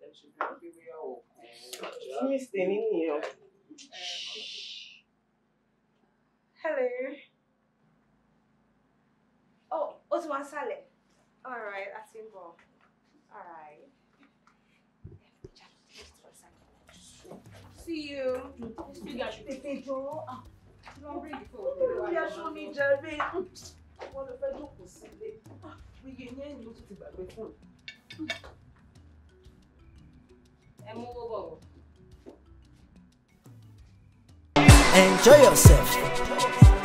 ẹ ṣe bí wọ́n gbé bóyá ọkọ̀ hello. oh what's ti wá all right àti ń all right. see you. You Don't bring Enjoy yourself.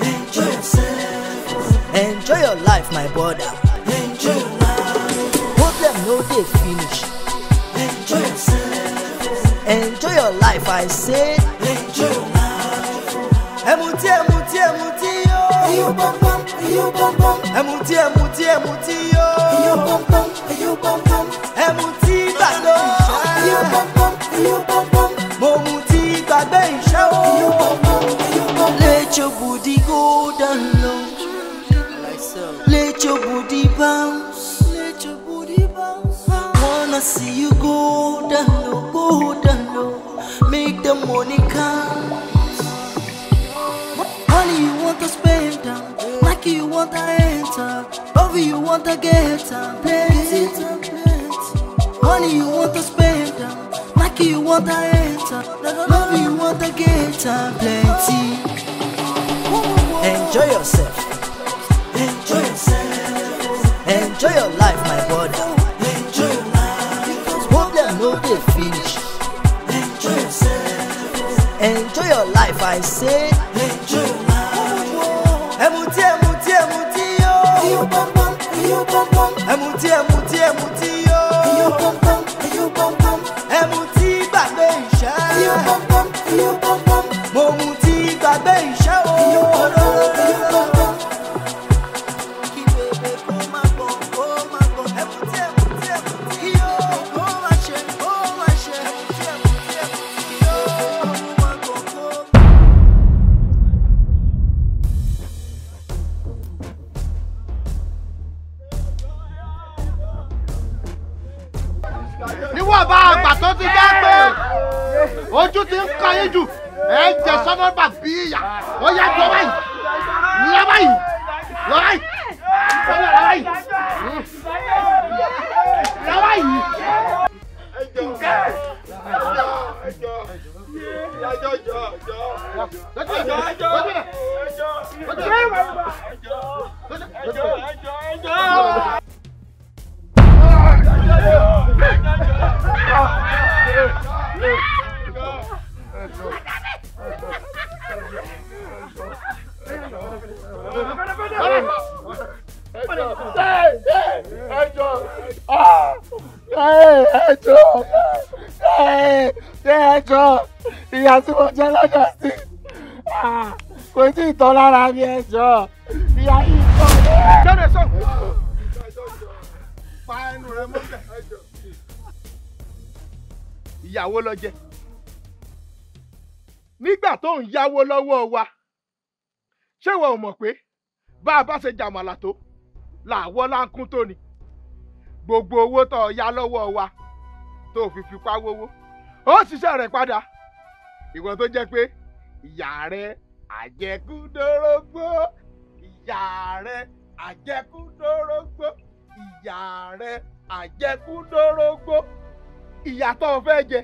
Enjoy yourself. Enjoy your life, my brother. Enjoy your life. no dey finish. your life I say Enjoy your life Ẹ̀mùtí ẹ̀mùtí ẹ̀mùtí yó Iyo pọnpọn iyo pọnpọn Ẹ̀mùtí ẹ̀mùtí ẹ̀mùtí yó Iyo pọnpọn iyo pọnpọn Ẹ̀mùtí gbàgbé ìṣẹ́ Iyo pọnpọn iyo pọnpọn Mo mutí gbàgbé ìṣẹ́ o Iyo pọnpọn iyo Let Lẹ́jọ́ bùdí. want to enter, over you want to get and plenty. Money you want to spend, lucky you want to enter, love you want to get and plenty. Enjoy yourself. Enjoy yourself. Enjoy your life, my brother. Enjoy your life. Problem no they finish. Enjoy yourself. Enjoy your life, I say. te amo. ẹjọ ìyá tí mo jẹ lọ́dọ̀ sí kò tí ì tọ́ lára mi ẹjọ ìyá yìí tọ́ ìyàwó ló jẹ nígbà tó ń yáwó lọ́wọ́ wa ṣé wọn ò mọ̀ pé bá a bá ṣe jàmàlà tó làwọ́ láńkún tó ni gbogbo owó tó o yá lọ́wọ́ wa tó fi fipá wówó ó ṣiṣẹ́ rẹ̀ padà ìwọ tó jẹ́ pé ìyá rẹ àjẹkúndórógbó ìyá rẹ àjẹkúndórógbó ìyá rẹ àjẹkúndórógbó ìyá tó o fẹ́ jẹ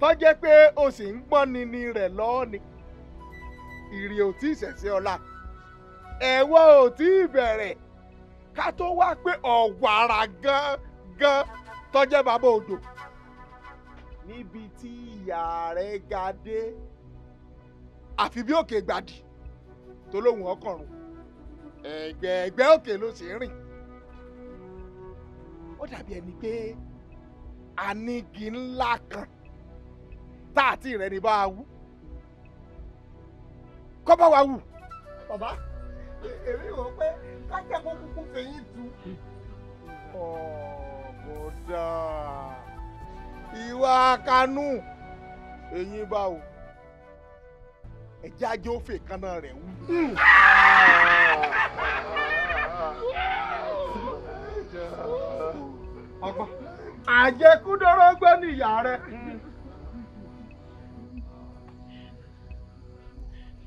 tó jẹ́ pé o sì ń gbọ́n nini rẹ̀ lọ́ọ́ ni ìrì ò tí ì ṣẹ̀ṣẹ̀ ọ̀la. ẹ̀wọ́ ò tí ì bẹ̀rẹ̀ ká tó wá pé ọ̀wàrà gan-gan tọ́jẹ́ bàbá níbi tí ìyá rẹ̀ ga dé àfi bí òkè gbàdì tó lóhùn ẹ̀gbẹ̀ẹ̀gbẹ́ òkè ló sì rìn ó dàbí kan táàtì ni bá kọ́ èmi rò pé kájà kó kúkú fẹ̀yìn tu. ọ̀bọ̀dà ìwà kanú ẹ̀yin báwo ẹ̀jẹ̀ ajé ó fè kánná rẹ̀ wú. ọgbọ́n nìyá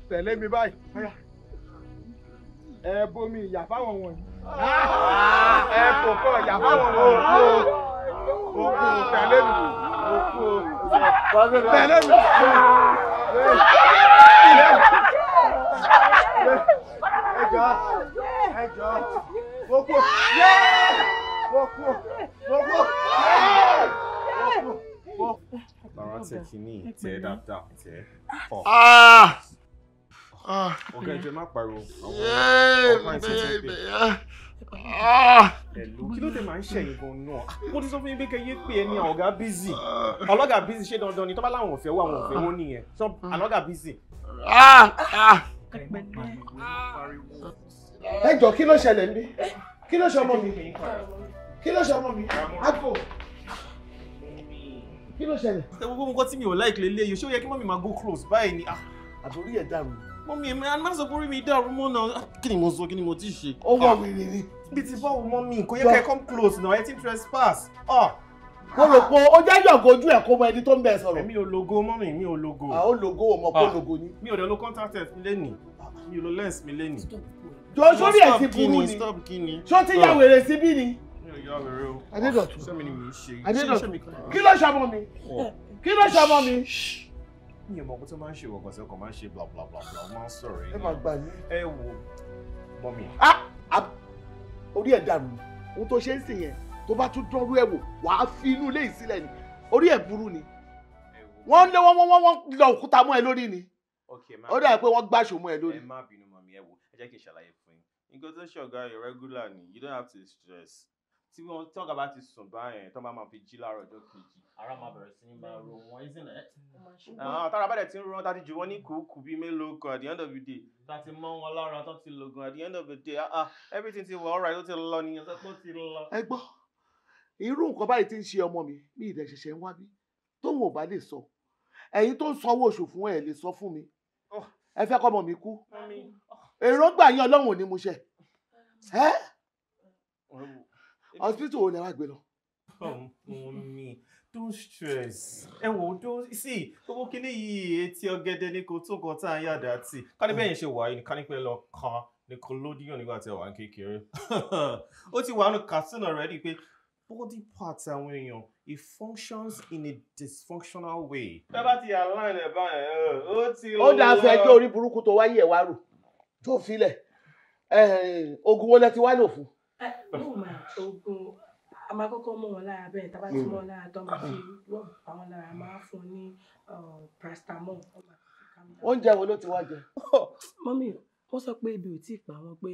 tẹ̀lé mi báyìí. ẹ bomi ìyà fáwọn wọ̀nyí ẹ kò kọ ìyà fáwọn wọ̀nyí òkú òkú tẹ̀lé mi òkú tẹ̀lé mi. ẹjọ ẹjọ òkú òkú òkú òkú. Bàrà tẹ kìíní tẹ dáadáa tẹ pọ̀. Ah! Ah. ọ̀gá ẹ̀jẹ̀ má pariwo àwọn ọ̀gá ẹ̀jẹ̀ ti pè ẹ̀lú kí ló dé máa ń ṣẹ̀yìn gan náà mo ti sọ fún yín pé kẹ́ yé pé ẹni ọ̀gá bízì ọlọ́gà bízì ṣé dandan ni tó bá láwọn ò fẹ́ wọ àwọn ò fẹ́ wọ nìyẹn tó àlọ́gà bízì. ẹ jọ kí ló ṣẹlẹ̀ níbí kí ló ṣe ọmọ mi kí ló ṣe ọmọ mi àgò kí ló ṣẹlẹ̀. gbogbo nǹkan tí mi ò láìpẹ́ lé yìí ṣé ó yẹ kí mọ́mí máa go close báyìí ni ah, àtòrí ẹ̀ dàrú mọ́mí ẹ̀mí àná sọ pé orí mi dàrú mọ́ náà kí ni mo sọ kí ni mo ti ṣe. ó wọ ah. wèrè ni. bí ti bọ́ọ̀wù mọ́mí kò yẹ kẹ́ come close náà ẹ ti trespass. Ah. mo rò pé ó jẹ́ yọ̀gọ̀ ojú ẹ̀ kó mọ ẹni tó ń bẹ̀ sọ̀rọ̀. mi ò logo mọ́mí mi ò logo. Ah, ó logo ò mọ̀ logo ni. mi ò dẹ̀ lo contact ẹ̀ mi lẹ́nìí mi ò lo lens mi lẹ́nìí. jọ sórí ẹ̀ ti burú ni ṣó ti ya wèrè síbí ni. adédọ̀tún adédọ̀tún kí ló ṣamọ mi kí ló ṣamọ mi mi ò mọ nǹkan tó máa ń ṣe ìwọ kan tí ọkàn máa ń ṣe bla bla bla bla máa ń sọ̀rọ̀ yìí. ẹ máa gbà yín. ẹ wo mọ mi. orí ẹ̀ dànù ohun tó ṣe ń sìn yẹn tó ni orí ẹ̀ burú ni wọ́n ń lé wọ́n wọ́n wọ́n lọ òkúta mọ́ ni ó dà pé wọ́n gbàṣọ mọ́ ẹ lórí. ẹ má bínú mọ mi ẹ wò ẹ jẹ́ kí n ṣàlàyé fún yín ni you don't have to stress tí wọ́n talk about this? sùn báyẹn tó bá máa fi jí láàárọ̀ ara máa bẹ̀rẹ̀ sí ní máa ro wọn isn't it. àwọn ah, tára bá dẹ̀ ti ń ro wọn tá ti jù wọ́n ní kùkù bíi mélòó kan at the end of the day tá ti mọ́ wọn lára tó ti lògùn at the end of the day ah ah everything ti wọ̀ ọ̀rọ̀ ẹ̀ tó ti lọ nìyẹn tó ti lọ. ẹ gbọ́ irú nǹkan báyìí ti ń ṣe ọmọ mi bí ìdẹ̀ ṣẹ̀ṣẹ̀ ń wá bí tóun ò bá lè sọ ẹ̀yin tó ń sanwó oṣù fún ẹ̀ lè sọ fún mi oh. ẹ fẹ́ kọ́ ọmọ mi kú èròǹgbà yín ọlọ́run ò ní mú ṣẹ ẹ́ hospital wo lẹ wá gbé lọ. mi don't stress ẹ wò don't see gbogbo kínní yìí etí ọ̀gẹ̀dẹ̀ ní kò tó nǹkan tá à ń yàdá tì ká ní bẹ́ẹ̀ yẹn ṣe wà yìí ká ní pé lọ kan Nickelodeon nígbà tí ẹ wà ní kékeré ó ti wà nù cartoon already pé body parts àwọn èèyàn it functions in a dysfunctional way. bẹ́ẹ̀ bá ti align ẹ̀ báyẹn ó ti. ó dáa fẹ́ ẹjọ́ orí burúkú tó wáyé ẹ̀ wá rò tó filẹ̀ ogun wo lẹ ti wá lò fún. ogun a máa kọ́kọ́ mú wọn lára bẹ́ẹ̀ tá a bá ti mú wọn lára tó máa fi mm. wọ́n àwọn lára máa fún ní paracetamol. oúnjẹ wo ló ti wá jẹ. mọ́mí wọ́n sọ pé ibi ò tí ì pa wọn pé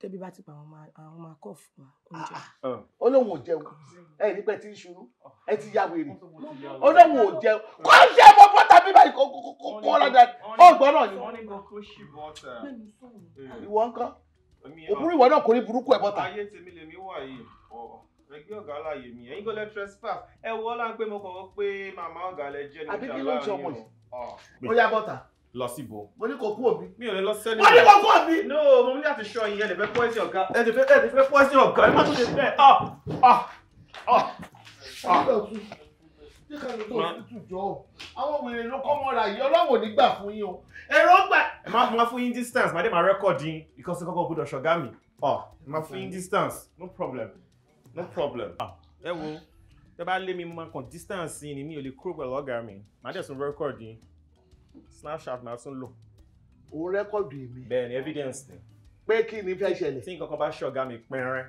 tẹ́bí bá ti pa àwọn àwọn máa kọ́ fún oúnjẹ. Ah. Ah. ó lóun ò jẹun ẹ ní pẹ́ tí ń ṣubú ẹ ti ya wèrè ó lóun ò jẹun kó ń jẹ ọmọ bọ́tà bí báyìí kó kó lọ́dà ọgbọ́n náà ni. Eh. ìwọ ń kọ́ òbúrú ìwọ náà kò ní burúkú ẹ̀ bọ́tà. ayé tèmi lèmi wà yìí fẹ́ gbé ọ̀gá láàyè mi ẹ̀yin gọ́lẹ̀ trespass ẹ wọ́ ọ́ láńpẹ́ mo kàn wọ́n pé màmá ọ̀gá lẹ jẹ́ níjà láàrin o. àbí ló ń ṣe ọmọ ó yá bọ́tà lọ sí ibo. mo ní kò kú òbí. mi ò lè lọ sẹ́ni. mo ní kò kú òbí. no mo ní láti ṣọ yín ẹ lè fẹ́ pọ́ẹ́sì ọ̀gá. ẹ lè fẹ́ ẹ lè fẹ́ pọ́ẹ́sì ọ̀gá ẹ má tún ah, ah, ah. lè fẹ́ ọ ọ ọ. ṣé ká ló tó tútù jọ ọ àwọn wèrè ló kọ́ mọ́ra yìí ọlọ́wọ́ ní gbà fún yín o ẹ̀rọ gbà. ẹ má fún wa fún yín distance màdé màá rẹ́kọ̀dì yín ìkọ́sí kọ́kọ́ gbọ́dọ̀ ṣọ̀gá mi. ọ fún yín distance no problem no problem. Ah, ẹ wo tẹ bá lé mi mo máa kàn distance ni mi ò lè kúrò pẹ̀lú ọ̀gá mi màá dẹ̀ tún rẹ́kọ̀dì snapchat màá tún lò. o rẹ́kọ̀dì mi. bẹ́ẹ̀ni evidence ni. pé kí ni fẹ́ ṣẹlẹ̀. tí nǹkan kan bá ṣọ̀gá mi pẹ́rẹ́.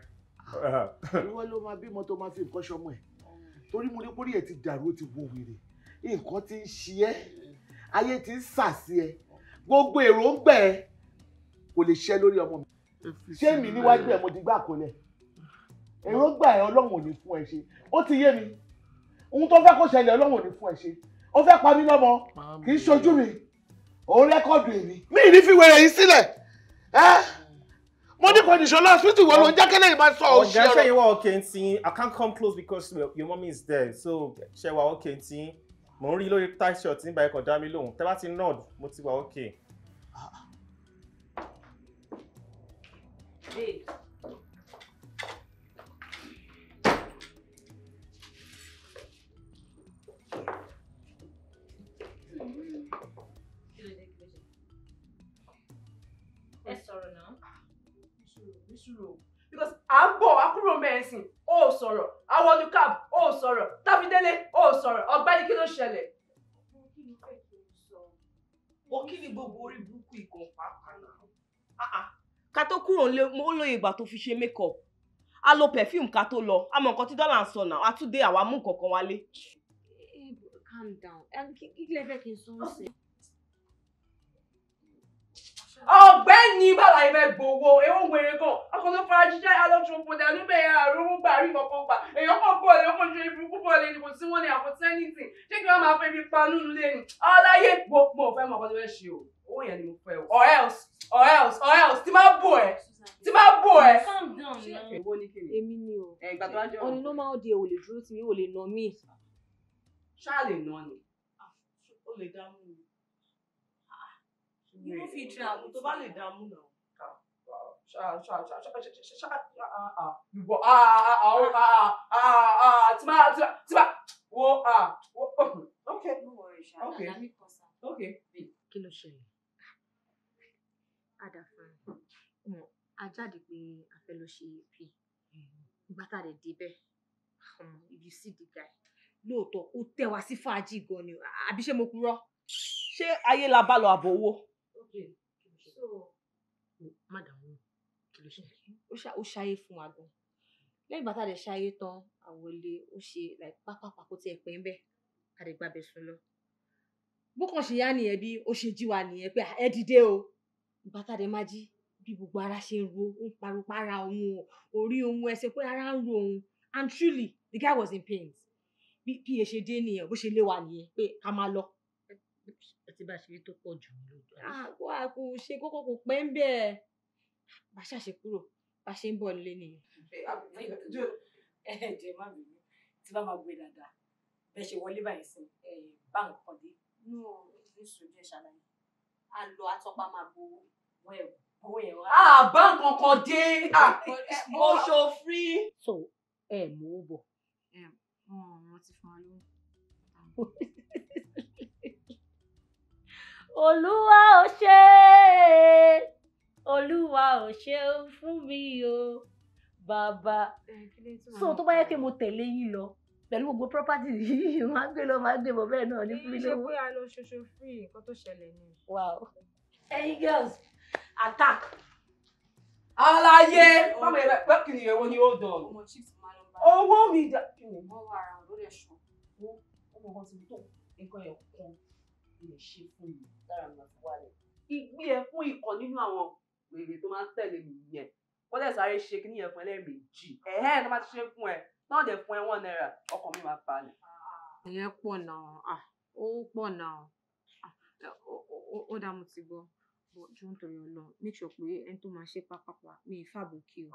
Ah, ìwọ ló máa bímọ tó máa fi nǹkan ṣọmọ ẹ torí mo ní kórè ẹ ti dàrú ó ti wo wèrè nǹkan ti ń ṣe ẹ ayé ti ń sà sí ẹ gbogbo èròǹgbà ẹ kò lè ṣẹ lórí ọmọ mi ṣé mi níwájú ẹ mo ti gbà kólẹ̀ èròǹgbà ẹ ọlọ́run ò fún ẹ ṣe ó ti yé mi ohun tó fẹ́ kó ṣẹlẹ̀ ọlọ́run ò fún ẹ ṣe ó fẹ́ pa mí lọ́mọ kì í ṣojú mi òun rẹ́kọ̀dù èmi. mi ì ní fi wèrè yìí sílẹ̀ mo ní condition last week wọ́n ló ń jákẹ́lẹ́ yìí sọ òṣì ọ̀gá ṣe ìwọ òkè ń tin I can't come close because your mummy is there so ṣe wà òkè ń tin mò ń rí lórí tight shirt nígbà ẹ̀kọ́ dá mi lóhùn tẹ́ ti nod mo ti wà òkè. babe ṣe sùúrù because à ń bọ̀ wá kúrò mẹ́ẹ̀sìn ó sọ̀rọ̀ awọnú cab ó sọ̀rọ̀ tábídélé ó sọ̀rọ̀ ọ̀gbẹ́ni kí ló ṣẹlẹ̀. o kí ni gbogbo orí burúkú ìkan pàápàá náà. ká tó kúrò ó lóye ìgbà tó fi ṣe makeup a lo perfume ká tó lọ àmọ́ nǹkan tí dọ́là ń sọ náà àtúndé àwa mú nǹkan kan wálé. calm down kí lè fẹ́ kí n sún sí i ọ̀gbẹ́ni bàbá yìí fẹ́ gbowó ewu wèrè kan ọkọ tó fara jíjẹ alọsọpọ dànù bẹ́ẹ̀ àrùn gbà rí kankan gbà èèyàn kan bọ èèyàn kan ju ibi púpọ̀ lè ní kò sí wọn ní àkótí anything ṣé kí wọn máa fẹ́ fi panú lé ní ọláyé gbogbo ọ̀fẹ́ mọ ọkọ tó fẹ́ ṣe o owó yẹn ni mo fẹ́ o or else or else or else tí máa bò ẹ tí máa bò ẹ. èmi ni o òní ló máa ń di òòlè dúró tì mí òòlè nà mí. ṣáà lè nà ni ah, ó lè dá mú you no fit travel tó bá lè dààmú náà ìwọ tí máa tí máa wo ok ok ok. kí ló ṣẹlẹ̀ àdàfà ajáde pé a fẹ́ lọ ṣe ap gbàtà rẹ̀ débẹ̀ if you see the guy lóòótọ́ ó tẹ́ wa sí fàájì gan ni àbí ṣé mo purọ́ ṣé ayé la bá lọ àbò owó so madam kí ló ṣe ó ṣayé fún wa gan lẹ́yìn ìgbà tá a lè ṣayé tán àwọlé ó ṣe like pápápá kó tiẹ̀ pẹ́ ń bẹ̀ ká lè gbàbẹ̀ sùn lọ bó kàn ṣe yá nìyẹn bí ó ṣe jí wa nìyẹn pé ẹ dìde o ìgbà tá a lè má jí bí gbogbo ara ṣe ń ro ń parupara òun o orí òun ẹsẹ̀ pé ara ń ro òun and truly the guy was in pain bí ẹ ṣe dé nìyẹn bó ṣe lé wa nìyẹn pé ká máa lọ àti bá ṣe rí tó pọ̀ jù mí lójú. àpò àpò ṣe kókó kò pẹ́ ń bẹ́ẹ̀ bá ṣàṣe kúrò bá ṣe ń bọ̀ lé nìyẹn. ẹ̀ẹ́dẹ̀ má bínú tí bá máa gbé dáadáa bẹ́ẹ̀ ṣe wọlé báyìí sí báńkì kan dé. nù ìṣòjì ìṣàlàyé a lọ atọ́pá máa bo wọ́n ẹ̀wọ̀ owó yẹn wá. Ah, báńkì kan dé ah, mo ṣo free. so ẹ mú bọ. mo rántí fún wa lóhùn. olúwa ò ṣe é olúwa ò ṣe fún mi o bàbá so tó bá yẹ kí mo tẹ̀lé yín lọ pẹ̀lú gbogbo property yìí máa gbé lọ máa gbé bọ̀ bẹ́ẹ̀ náà ní fúnmi lówó. ṣé bóyá ló ṣoṣo free nǹkan tó ṣẹlẹ̀ ni. wow ẹyin girls attack. alaye báwo yẹ pé kìnì ẹwọ ni ó dọ. ọmọ chips máa lọ bá. owó mi dà. kìnì mọ́ wà ara lórí ẹ̀ṣọ́ owó ọmọ kan ti tó nǹkan ẹ̀kọ́ lè ṣe fún mi lára mi àti wálé. ìgbé ẹ fún ikọ̀ nínú àwọn wèrè tó máa ń tẹ̀lé mi yẹn wọ́n dẹ̀ sáré ṣe kí nìyẹn fún ẹ lẹ́ẹ̀mejì ẹ̀hẹ́ ẹ̀ ló máa ti ṣe fún ẹ náà dẹ̀ fún ẹ wọ́n náírà ọkàn mi máa balẹ̀. Ah. ìyẹn pọ̀ náà ah, ó pọ̀ náà ah, ó dá mo ti gbọ́ jọ ń torí ọlọ make sure pé ẹni tó máa ṣe pápápá mi ì fàbò kí o.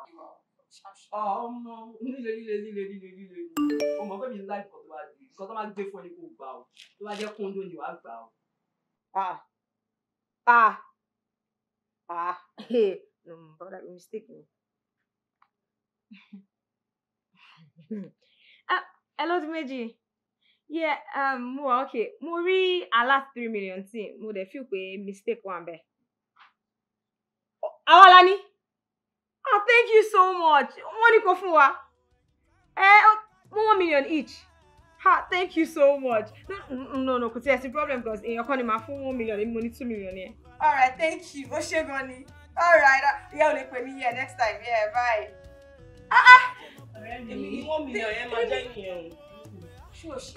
ọmọ líle líle líle líle líle ọmọ fẹmi láì kọ tó bá di nǹkan tó máa gbé fún ẹni Ah. Ah. Ah. No, brother, you mistake me. ah, hello, Dimeji. Yeah, um, mo okay. Mo a alert three million tí mo dẹ̀ feel pay mistake one oh, ńbẹ̀. Àwa la ní. Ah, thank you so much. Money ní kó Eh, one oh, million each ha thank you so much no no kò tí ẹ sí problem because èèyàn kan ni màá fún one million èmi mo ní two million yẹn. all right thank you ó ṣe gan ni all right ìyá ò lè pè mí yẹ next time yẹ bye. Ah, ah. ọ̀rẹ́ mi ní one million yẹn máa jẹ́ ìyẹn o. ṣé o ṣe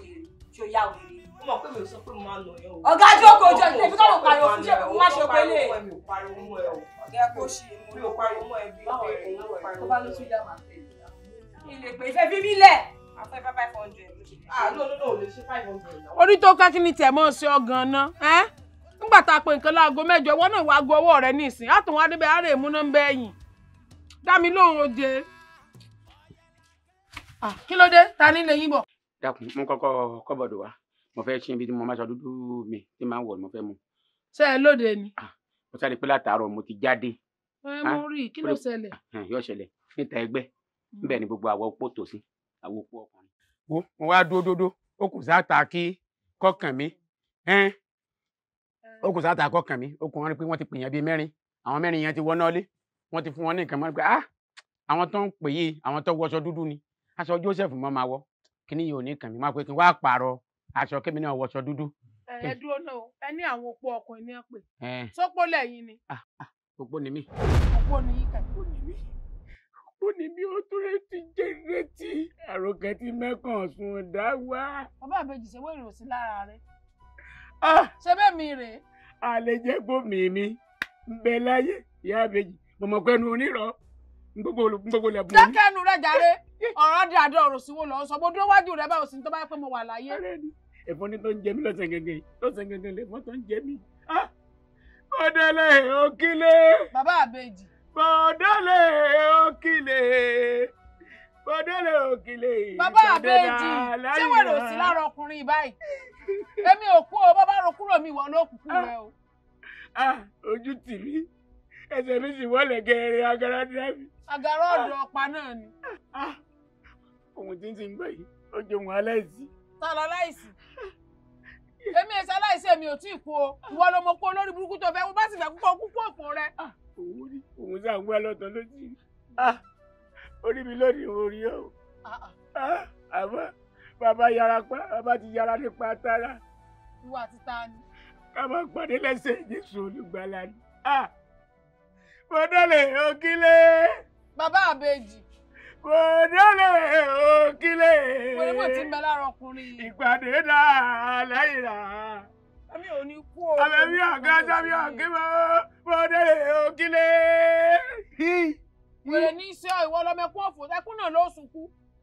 ṣe o yá o rí ó mọ̀ pé mi ò sọ pé mo máa nà yẹn o. ọ̀gá jókòó jọ ní tẹ̀síkọ́ ló pariwo fún ṣé mo máa ṣe pélé. mi ò pariwo mọ́ ẹ o. ọ̀gá kò ṣe mi ò pariwo mọ́ ẹ bí. báwo ẹ̀ ẹ̀ bá ló tún yá màá fẹ́ ilé pé ìfẹ́ fi lẹ̀ orí tó ká kí ni tẹ̀ mọ́ sí ọ gan-an ẹ́ nígbà tá a pè nǹkan láago mẹ́jọ wọn náà wàá gbọ́ ọwọ́ rẹ nísìn àtúnwá adébẹ̀ á rè mú náà ń bẹ́ ẹ̀yìn dá mi lóhùn oje ah, kí ló dé ta ní lè yín bọ̀. dákun mo kọ́kọ́ kọ́bọ̀dù wa mo fẹ́ ṣe ibi tí mo máa ṣọ dúdú mi tí máa ń wọ̀ ni mo fẹ́ mu. ṣé ẹ lóde ni. Ah, mo sáré pé látàárọ̀ mo ti jáde. ẹ ah, mo rí kí ló ṣẹlẹ̀. yóò ṣẹlẹ̀ níta ẹgbẹ́ níbẹ̀ mm. ni gbogbo àwọ̀ pọ̀ tó sí àwọn òkú ọkùnrin. mo wá dúró dúró ó kù sáta kí kọkàn mi ó kù sáta kọkàn mi ó kù wọn rí pé wọn ti pèèyàn bíi mẹ́rin àwọn mẹ́rin yẹn ti wọná lé wọn ti fún wọn ní nǹkan mọ pé ah àwọn tó ń pè yìí àwọn tó wọṣọ dúdú ni aṣọ Joseph mọ máa wọ kíní yìí ò ní kàn mí máa pé kí n wá pààrọ̀ aṣọ kébì náà wọṣọ dúdú. ẹ dúró náà ẹ ní àwọn opó ọkùnrin ní ọpẹ sọpọ lẹ́yìn ni. Ah, ah, opó ni mí. opó ni yín kàkó ni mí ó ní bí ó tún retí jẹ́ retí àròkẹ́ tí mẹ́kàn sùn dá wá. bàbá àbèjì ṣe wéèrè òsì lára rẹ. Ah! ṣé bẹ́ẹ̀ mi rèé. alẹ́ jẹ́ gómì mi ń bẹ láyé ìyá àbèjì mọ̀mọ́kẹ́nu onírọ̀ gbogbo lẹ́bùn mi. dákẹ́nu rẹ̀ jàre ọ̀rọ̀ di àdó ọ̀rọ̀ sí wo lọ sọ mo dúró wájú rẹ báyìí òsì tó bá yẹ pé mo wà láyé. ẹ̀fọn ni tó ń jẹ mí lọ́sàn gẹ́gẹ́ lọ́sàn gẹ́gẹ́ lẹ́fọn tó ń jẹ mí. Ah! ọ̀dẹ̀lẹ̀ òkìlẹ̀. bàbá àbèjì Bọ̀dọ́lé òkìlè. Bọ̀dọ́lé òkìlè. Bàbá àbẹ́jì tí wọ́n lò sí lára ọkùnrin báyìí. Èmi ò kú o, bàbá ro kúrò mi wọ̀ lókùnkùn rẹ o. Ah, ah, ojú tì mí, ẹsẹ̀ mi sì wọlé agara ọ̀dọ̀ ọ̀pá náà ni. Ah, tí ń gbọ́ yìí, ó aláìsí. Ta lọ òun rí òun sá ń wá lọ́tọ̀ lójì orí ah. ah, mi lónìí orí o ah, àmọ́ bàbá yára pa bàbá ti yára nípa tara. ìwà ti ta ni. ká máa pàdé lẹ́sẹ̀ Jésù olùgbàlà ni. mo dọ́lẹ̀ òkílẹ̀. bàbá àbèjì. mo dọ́lẹ̀ òkílẹ̀. mo ní mo ti ń bẹ lára ọkùnrin. ìpàdé náà lẹ́yìn náà mi ò ní kú o. àbẹ̀mí ọ̀gá sábì ọ̀gá mọ́ bọ́dẹ̀ òkìlẹ̀. wèrè ní í ṣe ọ ìwọ lọmẹkún òfò ẹkún náà ló sunkú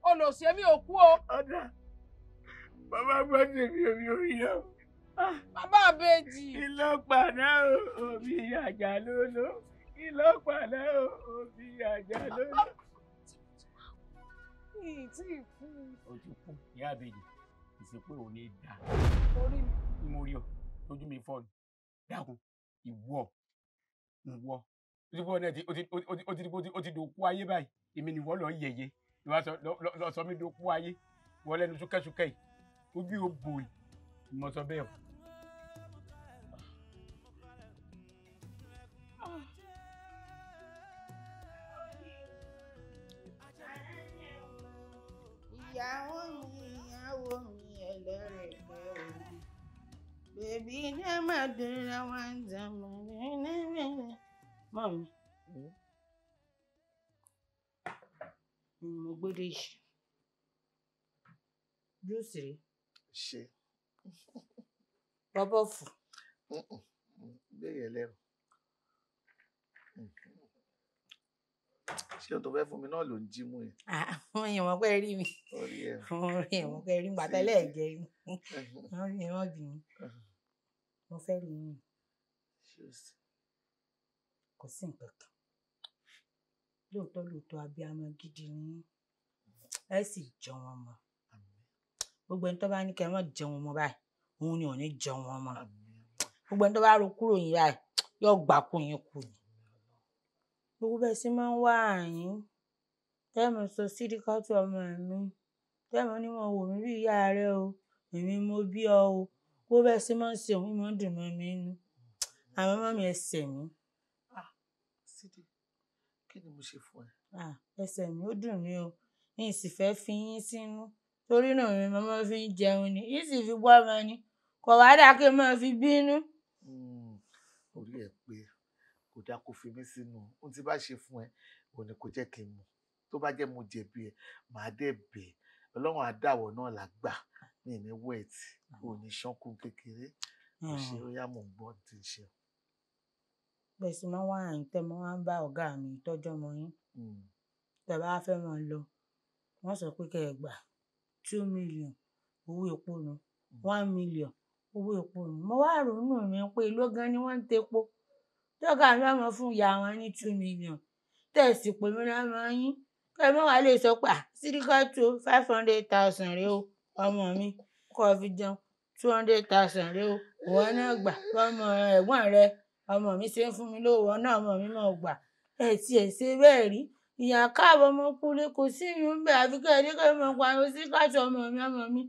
olòṣì èmi ò kú o. ọ̀dà bàbá gbọ́dọ̀ mi ò mi ò rí ọ. bàbá àbèjì. ìlọ́pàá náà òbí àjà ló lọ ìlọ́pàá náà òbí àjà ló lọ. ìyí tí ì kú. o ti kú ìyá àbèjì ìsìnkú ò ní í dà. orí mi. mo rí ọ tójú mi fọ́ ni dákun ìwọ ìwọ ó ti bọ́ náà ti ó ti ó ti ó ti dòkú ayé báyìí èmi nìwọ lọ yẹyẹ ìwà lọ sọ mi dòkú ayé wọ lẹnu súkẹ́súkẹ́ yìí ojú yóò bò yìí mo sọ bẹ́ẹ̀ o. ìyàwó mi. Khadija máa dúró wá jàmọ̀rẹ́ lẹ́rẹ̀ẹ́rẹ́. Mọ̀mí. Mo gbọ́dọ̀ yìí. Júùsì rí. Ṣé. Rọ́bọ̀fù. Béèrè lẹ́rù. Ṣé o tó fẹ́ fún mi náà ló ń jí mú yẹn? Àwọn èèyàn pẹ́ rí mi. Orí ẹ̀. Orí pẹ́ rí mi. Bàtẹ́lẹ̀ ẹ̀jẹ̀ mi. Wọ́n fi ẹ̀wọ̀n bì mí mo fẹ́ rí yín kò sí nǹkan kan lóòótọ́ lóòótọ́ abiyamọ gidi ni yín ẹ sì jẹun ọmọ gbogbo ẹni tó bá ní kẹ́ ẹ má jẹun ọmọ báyìí òun ni ò ní jẹun ọmọ gbogbo ẹni tó bá ro kúrò yín báyìí yóò gbà kú yín kù ni gbogbo bẹ́ẹ̀ sì máa ń wá àyín tẹ́ẹ̀mù sọ sídìkọ́tù ọmọ mi tẹ́ẹ̀mù ni wọn wò mí bí ìyá rẹ o èmi mo bí ọ o bó bẹ́ẹ̀ ṣe máa ń ṣe òun máa ń dùn mọ́ mi nínú àmọ́ má mi ẹsẹ̀ mi. Ah, sídi kí ni mo ṣe fún ẹ. Ah, ẹsẹ̀ mi ó dùn mí o n sì fẹ́ fi yín sínú torí náà mi máa fi ń jẹun ni yín sì fi bọ́ ọmọ ni kò wá dáa kí n máa fi bínú. Hmm, orí ẹ pé kò dáa kó fi mí sínú ohun tí bá ṣe fún ẹ òun ni kò jẹ́ kí n mọ̀ tó bá jẹ́ mo jẹ̀bi ẹ màá dẹ̀ bẹ̀ ọlọ́run àdáwọ̀ náà là gbà mi ní wet ò ní ṣánkún kékeré kò ṣe ó yá mò ń ti ṣe. bẹ́ẹ̀ sì máa ń wá àyìn mo máa ń bá mi tọ́jú ọmọ yín hmm. tẹ́ bá fẹ́ máa lọ wọ́n sọ pé kẹ́ ẹ gbà two million owó epo nu hmm. one million owó epo nu mo wá ròónù mi pé ìlú gan ni wọ́n ń tepo tọ́gà mi wá mọ fún ìyá wọn ní two million tẹ̀sí pèmí lọ́mọ yín kẹ́ ẹ mọ́ wàá lè sọ pé ah, síríkọ́tù five hundred thousand rèé o ọmọ mi kó o fi jẹun two hundred thousand rèé o ìwọ náà gbà ọmọ ẹ̀gbọ́n rẹ ọmọ mi ṣe ń fún mi lówó náà ọmọ mi máa gbà ẹ̀ tiẹ̀ ṣe bẹ́ẹ̀ rí ìyá káàbọ̀ ọmọkùnrin kò sí ìyún bẹ́ẹ̀ àfi kẹ́ ẹ̀dí kẹ́ ẹ̀ mọ̀ sí káàtó ọmọ mi ọmọ mi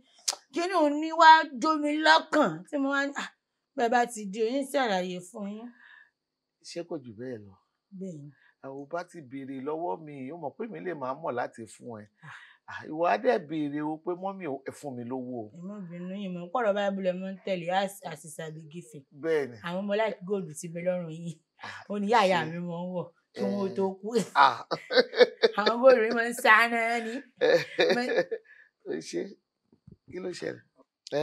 kíni òun ní wá jó mi lọ́kàn tí mo wá ní ah, bẹ́ẹ̀ bá ti di oyin ṣàlàyé fún yín. ṣé kò jù bẹ́ẹ̀ lọ. bẹ́ẹ̀ ni. àwọn bá ti béèrè lọ́wọ́ mi ò mọ̀ pé mi lè máa mọ̀ láti fún ẹ ah. Ah, ìwà dẹ̀ béèrè o pé mọ́mí ẹ fún mi lówó o. ìmọ̀ bínú yìí mọ̀ pọ̀rọ̀ báyìí bílẹ̀ mọ́ ń tẹ̀lé àṣìṣà bí gífẹ̀. bẹ́ẹ̀ni àwọn ọmọ láti góòlù ti bẹ lọ́rùn yìí ah, ó ní yàyà mi mọ̀ ń wọ̀ kí eh. wọ́n tó kú. Ah. àwọn góòlù mi mọ̀ ń sáná ni. ó ṣe kí ló ṣẹlẹ̀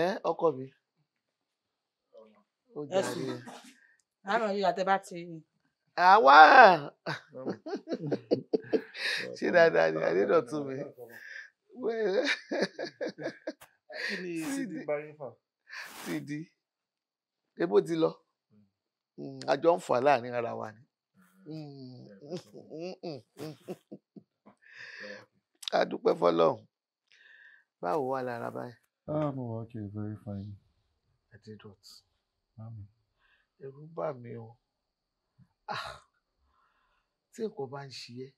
ẹ ọkọ mi. ó jàre ẹ. àmọ̀ yìí àtẹ bá ti àwa ṣe dáadáa ni adédọ̀tún mi. Ah, kí ni cd bá yín fà. cd ebó ti lọ hmm. Hmm, àjọ ń fà láàrin ara wa ni hmm. a dúpẹ́ fọlọ́run báwo wà lára báyìí. ah mo wà okay very fine. i did what. ẹ̀rù bà mí o ah, tí nǹkan bá ń ṣe ẹ́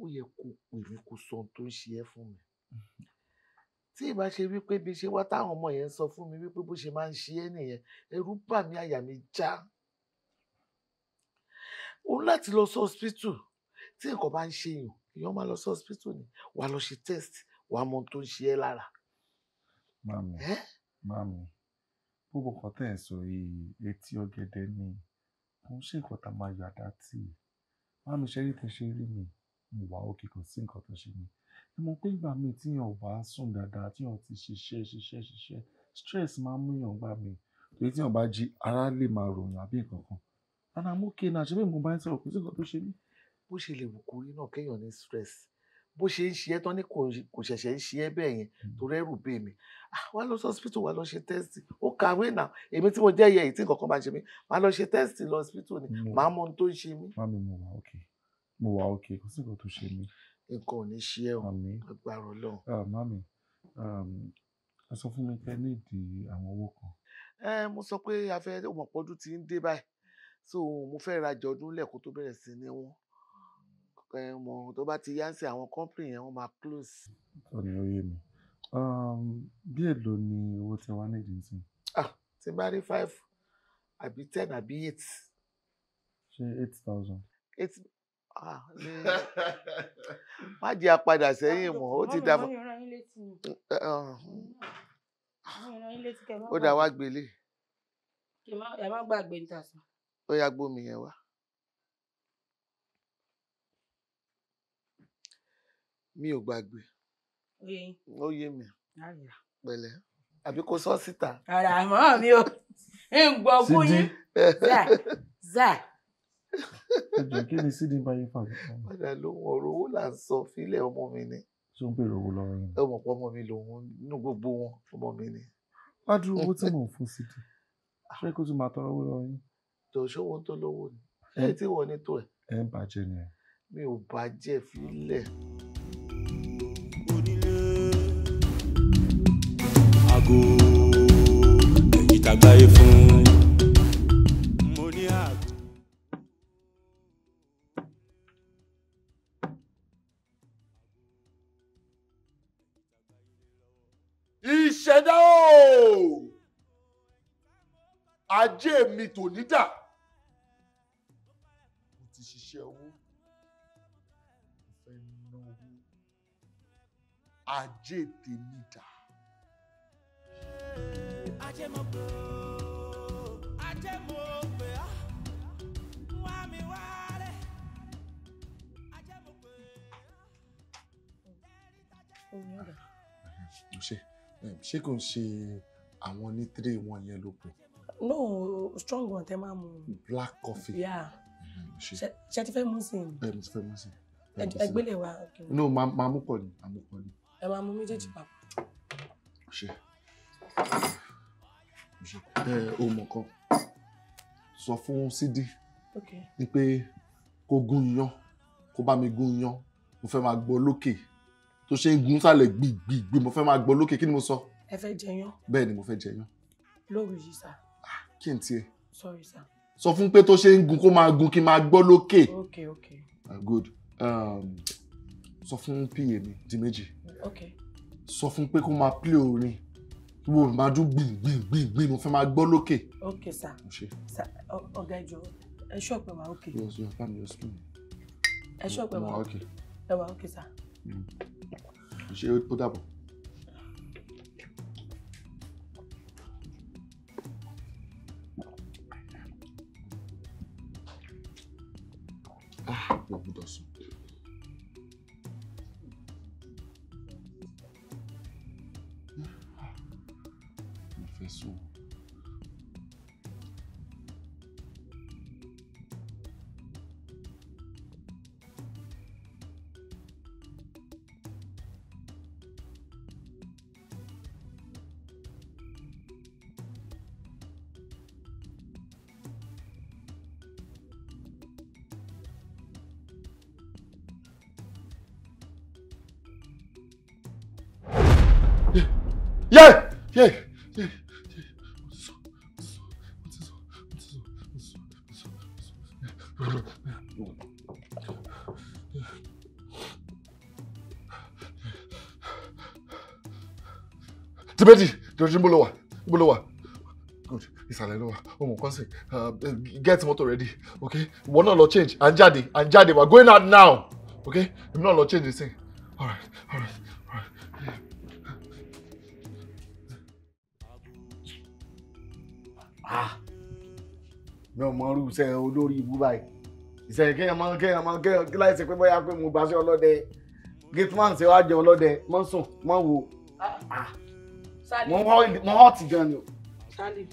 ó yẹ kó pè mí kó sọ ohun tó ń ṣe ẹ́ fún mi. Tí ì bá ṣe wípé bí ṣe wá táwọn ọmọ yẹn sọ fún mi wípé bó ṣe máa ń ṣe é nìyẹn, ẹ̀rù bà mí àyà mi já. Ó ní láti lọ sí hospital. Tí nǹkan bá ń ṣe èèyàn, èèyàn máa lọ sí hospital ni. Wà á lọ ṣe test, wà á mọ ohun tó ń ṣe ẹ́ lára. Màámi, màámi, gbogbo nǹkan tẹ̀ ń sọ yìí, etí ọ̀gẹ̀dẹ̀ ni. Kò ṣe nǹkan tá a máa yọ àdá tì. Màámi ṣe rí tẹ ṣe rí mi, mo wà okay, kò sí nǹkan tó ṣe mí. Ẹ mọ̀ pé ìgbà mi tí èèyàn ò bá sùn dáadáa, tí èèyàn ti ṣiṣẹ́, ṣiṣẹ́, ṣiṣẹ́, stress máa ń mú èèyàn gbà mí. Torí tí èèyàn bá jí, ara lè máa ròyàn àbí nǹkan kan. And I'm okay now, ṣebí mo bá yín sọ̀rọ̀, kò sí nǹkan tó ṣe mí. Bó ṣe lè wù kórí náà kí èèyàn ní stress. Bó ṣe ń ṣe ẹ́ tán ní kò ṣẹ̀ṣẹ̀ ń ṣe ẹ́ bẹ́ẹ̀ yẹn hmm. torí ẹrú bé mi. Ah! Wá lọ sí hospital, wá lọ ṣe test. Ó kàwé now. Èmi tí mo jẹ́ ẹyẹ yìí tí nǹkan kan máa ṣe mí, màá lọ ṣe test lọ hospital ni. Màá mọ ohun tó ń ṣe mí. Màámi, mo wà okay. Mo wà okay, kò sí nǹkan tó ṣe mí nǹkan ò ní ṣe ẹ o agbára Ọlọ́run. Ah, mami ẹ um, sọ fún mi pé ní ìdí àwọn owó kan. ẹ mo sọ pé a fẹ́ òmọ̀pọ̀dún ti ń dé báyìí so mo fẹ́ rajà ọdún lẹ́kọ̀ọ́ tó bẹ̀rẹ̀ sí ní wọ́n mọ̀ tó bá ti yánsì àwọn company yẹn wọ́n máa close. ọ̀tọ̀ ni ó yé mi um, bí èlò ni owó tí wàá nídìí nísìnyí. ah tí n bá rí five àbí ten àbí eight. ṣe eight thousand ní ah, má jẹ́ apadà sẹ́yìn mọ́ ó ti dàbọ̀. Eh, eh, hmm. ó dà wá gbélé. ẹ má gbàgbé níta sàn. ó yá gbómi yẹn wá. mi ò gbàgbé. ó yé mi. pẹ̀lẹ́ àbí kò sọ síta. ara àmọ́ mi ò ń gbọ́ fún yín. zai zai ẹjọ kí ni sídìí bá yín fà mí. padà lóhun ọ̀rọ̀ owó là ń sọ fílẹ̀ ọmọ mi ni. ṣé ó ń bèrè owó lọ́wọ́ yín. ọmọ pọ ọmọ mi lòun nínú gbogbo wọn ọmọ mi ni. ládùúgbò owó tí mò ń fún sídìí ṣé kó tún máa tọrọ owó lọ́wọ́ yín. tó ṣòwò tó lówó ni ṣé tí wọ́n ní tó ẹ̀. ẹ ń bàjẹ́ ni. mi ò bàjẹ́ fílẹ̀. onílé àgọ́ ẹ̀yìn tàgbáyé fún. ajé mi tòní dà mo ti ṣiṣẹ́ owó mo fẹ́ ná owó ajé tèmi dà. ajé mo gbó ajé mo gbé á wá mi ṣé kò ń ṣe àwọn ní wọn yẹn ló no strong one tẹ máa mu. black coffee. yeah ṣe mm-hmm, ti fẹ́ mú sí i. ẹ mo ti fẹ́ mú sí i. ẹgbẹ́lẹ̀ wa. no máa mú pọ̀ ni máa mú pọ̀ ni. ẹ máa mú méjèèjì papọ̀. ṣe ẹ o mọ̀ kan sọ fún Sidi ni pé kó gún iyán kó bá mi gún iyán mo fẹ́ máa gbọ́ lókè tó ṣe ń gún sálẹ̀ gbìgbìgbì mo fẹ́ máa gbọ́ lókè kí ni mo sọ. ẹ fẹ́ jẹyán. bẹ́ẹ̀ ni mo fẹ́ jẹyán. lóru yìí sá kí n tiẹ̀. sorry sir. sọ fún pé tó ṣe ń gun kó máa gun kí n máa gbọ́ lókè. ok ok. Uh, good um, sọ fún pa mi di méjì. ok. sọ fún pé kó máa play orin wo máa dún gbìn gbìn gbìn gbìn mo fẹ́ máa gbọ́ lókè. ok sir. sir ọ̀gá ìjọ ẹ ṣọ́ pé wà ok. yóò sọ yàtọ̀ mi yóò sọ mi. ẹ ṣọ́ pé wà ok. ẹ wà ok sir. Mm. ṣé ó dàbọ̀. tibeti jọjú níbo ló wà níbo good It's ló wà ọmọ nǹkan sè uh, get motor ready okay ìwọ not lọ change à ń jáde à ń going out now okay èmi not lọ change this thing alright alright alright. ah mi ò mọ irú iṣẹ́ olórí ibú báyìí iṣẹ́ kéèyàn máa okay, máa kéèyàn láìsí pé bóyá pé mo bá sí say gateman ṣe wá jẹ Ah mo hàn ti gan ni o. sálí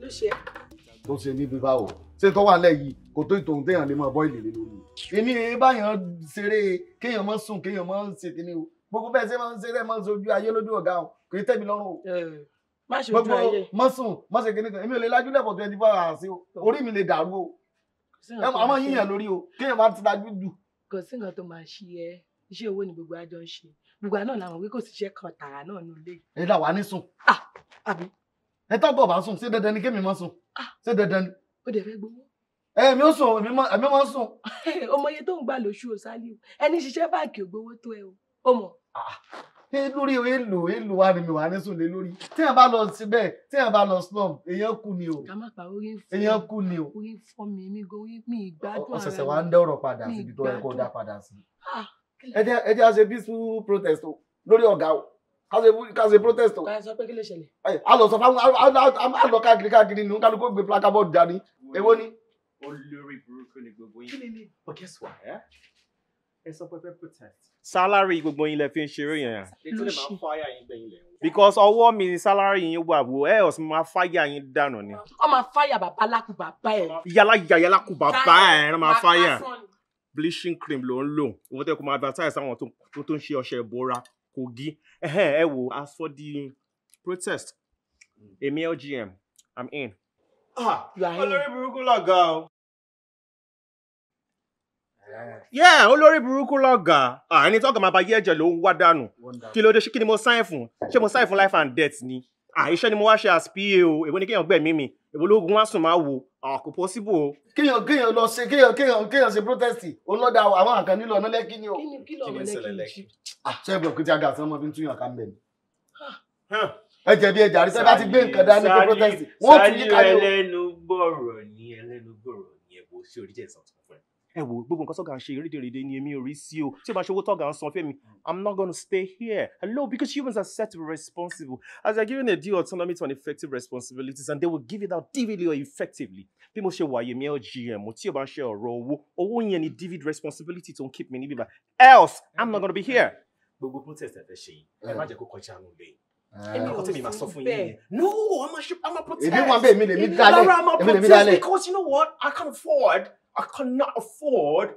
ló ṣe. tó ṣe ní bíbá o ṣé tó wà lẹ́yìn kò tó ìtòhún téèyàn lè máa bọ́ ìlèlè lórí o. èmi èyí báyàn ṣeré kéèyàn máa sùn kéèyàn máa ṣe kíní o gbogbo bẹ́ẹ̀ ṣe máa ń ṣeré máa ń sojú ayé lójú ọ̀gá o kò ní tẹ́mi lọ́rùn o. má ṣe ojú ayé gbogbo mọ́ sùn mọ́ ṣe kíní kan èmi ò lè lajú lẹ́kọ̀ọ́ twenty four hours o orí mi lè dàrú o àmọ́ yíyàn lórí o kéèyàn máa ti lajú jù. kò sí nǹkan tó máa ṣe ẹ iṣẹ́ owó ni gbogbo àjọ ń ṣe gbogbo náà làwọn wí kò sì ṣe kan tààrà náà ní ilé. ẹ dà wá ní sùn. Ah, àbí. ẹ tọ́gbọ̀ bá sùn ṣé dandan ni kémi máa sùn. Ah. ṣé dandan ni. ó dẹ̀ fẹ́ gbowó. ẹ mi ò sùn èmi máa sùn. ọmọ iye tó ń gbà lóṣù òsálì o ẹni ṣiṣẹ́ báàkì ògbówó tó ẹ o ó mọ̀. Ah, lórí èlò èlò wa ni mi wà ní sùn lé lórí tí èèyàn bá lọ síbẹ̀ tí èèyàn bá lọ slum èèyàn kú ni o. ká má pa orí fún mi èèyàn kú ni o. orí fún mi mi gan mi ìgbádùn ara mi ẹ jẹ́ àṣẹ peaceful protest o lórí ọ̀gá o káṣe protest o. káṣe sọ pé kí ló ṣẹlẹ̀. a lọ sọ fáwọn a lọ káàkiri káàkiri nínú kálukú gbé placard dání èwo ni. olórí burúkú ni gbogbo yín. kí ni ni. but guess what ẹ sọ pé fẹ́ protest salary gbogbo yín lẹ fi ń ṣeré yẹn. because ọwọ́ mi ni salary yín wà wò ẹ ọ̀sìn máa fáyà yín dànù ni. ọ máa fáyà bàbá lákùbà bá ẹ. yálà yàyà lákùbà bá ẹ ẹ máa fáyà bleaching cream ló ń lò owó tẹ́ kó máa advertise àwọn tó tó ń ṣe ọṣẹ ìbora kogi ẹ wò as for the protest èmi LGM i'm ah, in. olórí burúkú lọ́gà o. yeah olórí burúkú lọ́gà ah, ẹni tọ́gà máa bá yé ẹ̀jẹ̀ ló ń wá dànù kí ló dé ṣé kí ni mo sign fún ṣé mo sign fún life and death ni ah, iṣẹ́ ni mo wá ṣe as pa o èwo ni kéèyàn gbẹ̀mí mi èwo lóògùn wá sùn máa wò àkó ah, pọ́síbò o. kéèyàn kéèyàn lọ ṣe kéèyàn kéèyàn kéèyàn ṣe protesti olódà àwọn àkàn nílò ọ̀nà lẹ́kí ni o. kí ni ìṣẹ̀lẹ̀ lẹ́kí. Ah, ṣé ìbọn kìtì àga àti ọmọ fi ń túyàn ká mbẹ ni. ẹ jẹ̀bi ẹjà àrísẹ́ bá ti gbé nǹkan dání protesti wọ́n tún yí káyọ̀. sáyé ẹlẹ́nu gbọ̀rọ̀ ni ẹlẹ́nu gbọ̀rọ̀ ni ẹ̀bùn sí oríṣẹ́ ìsọ̀tún ẹ wo gbogbo nǹkan sọ́gà ń ṣe rédèrèdè ni èmi ò rí sí o tí o bá ṣe owó tọ́gà ń san fẹ́mi i'm not gonna stay here hello because humans are set to be responsible as they are given a due autonomy to an effective responsibilities and they will give it out vividly or effectively bí mo ṣe wà yẹmi lgm tí o bá ń ṣe ọ̀rọ̀ owó owó yẹn ni vivid responsibility to keep me níbí bá else i'm not gonna be here. gbogbo protest ẹ fẹ́ ṣe yìí ẹ má jẹ́ kó kọjá àánú lẹ́yìn ah. èmi kò tẹ̀lé ma sọ fún yín no i'm a protest èmi wà bẹ́ẹ̀ mi lè mi dálẹ̀ èmi lè mi dálẹ̀ because you know what i can't afford I cannot afford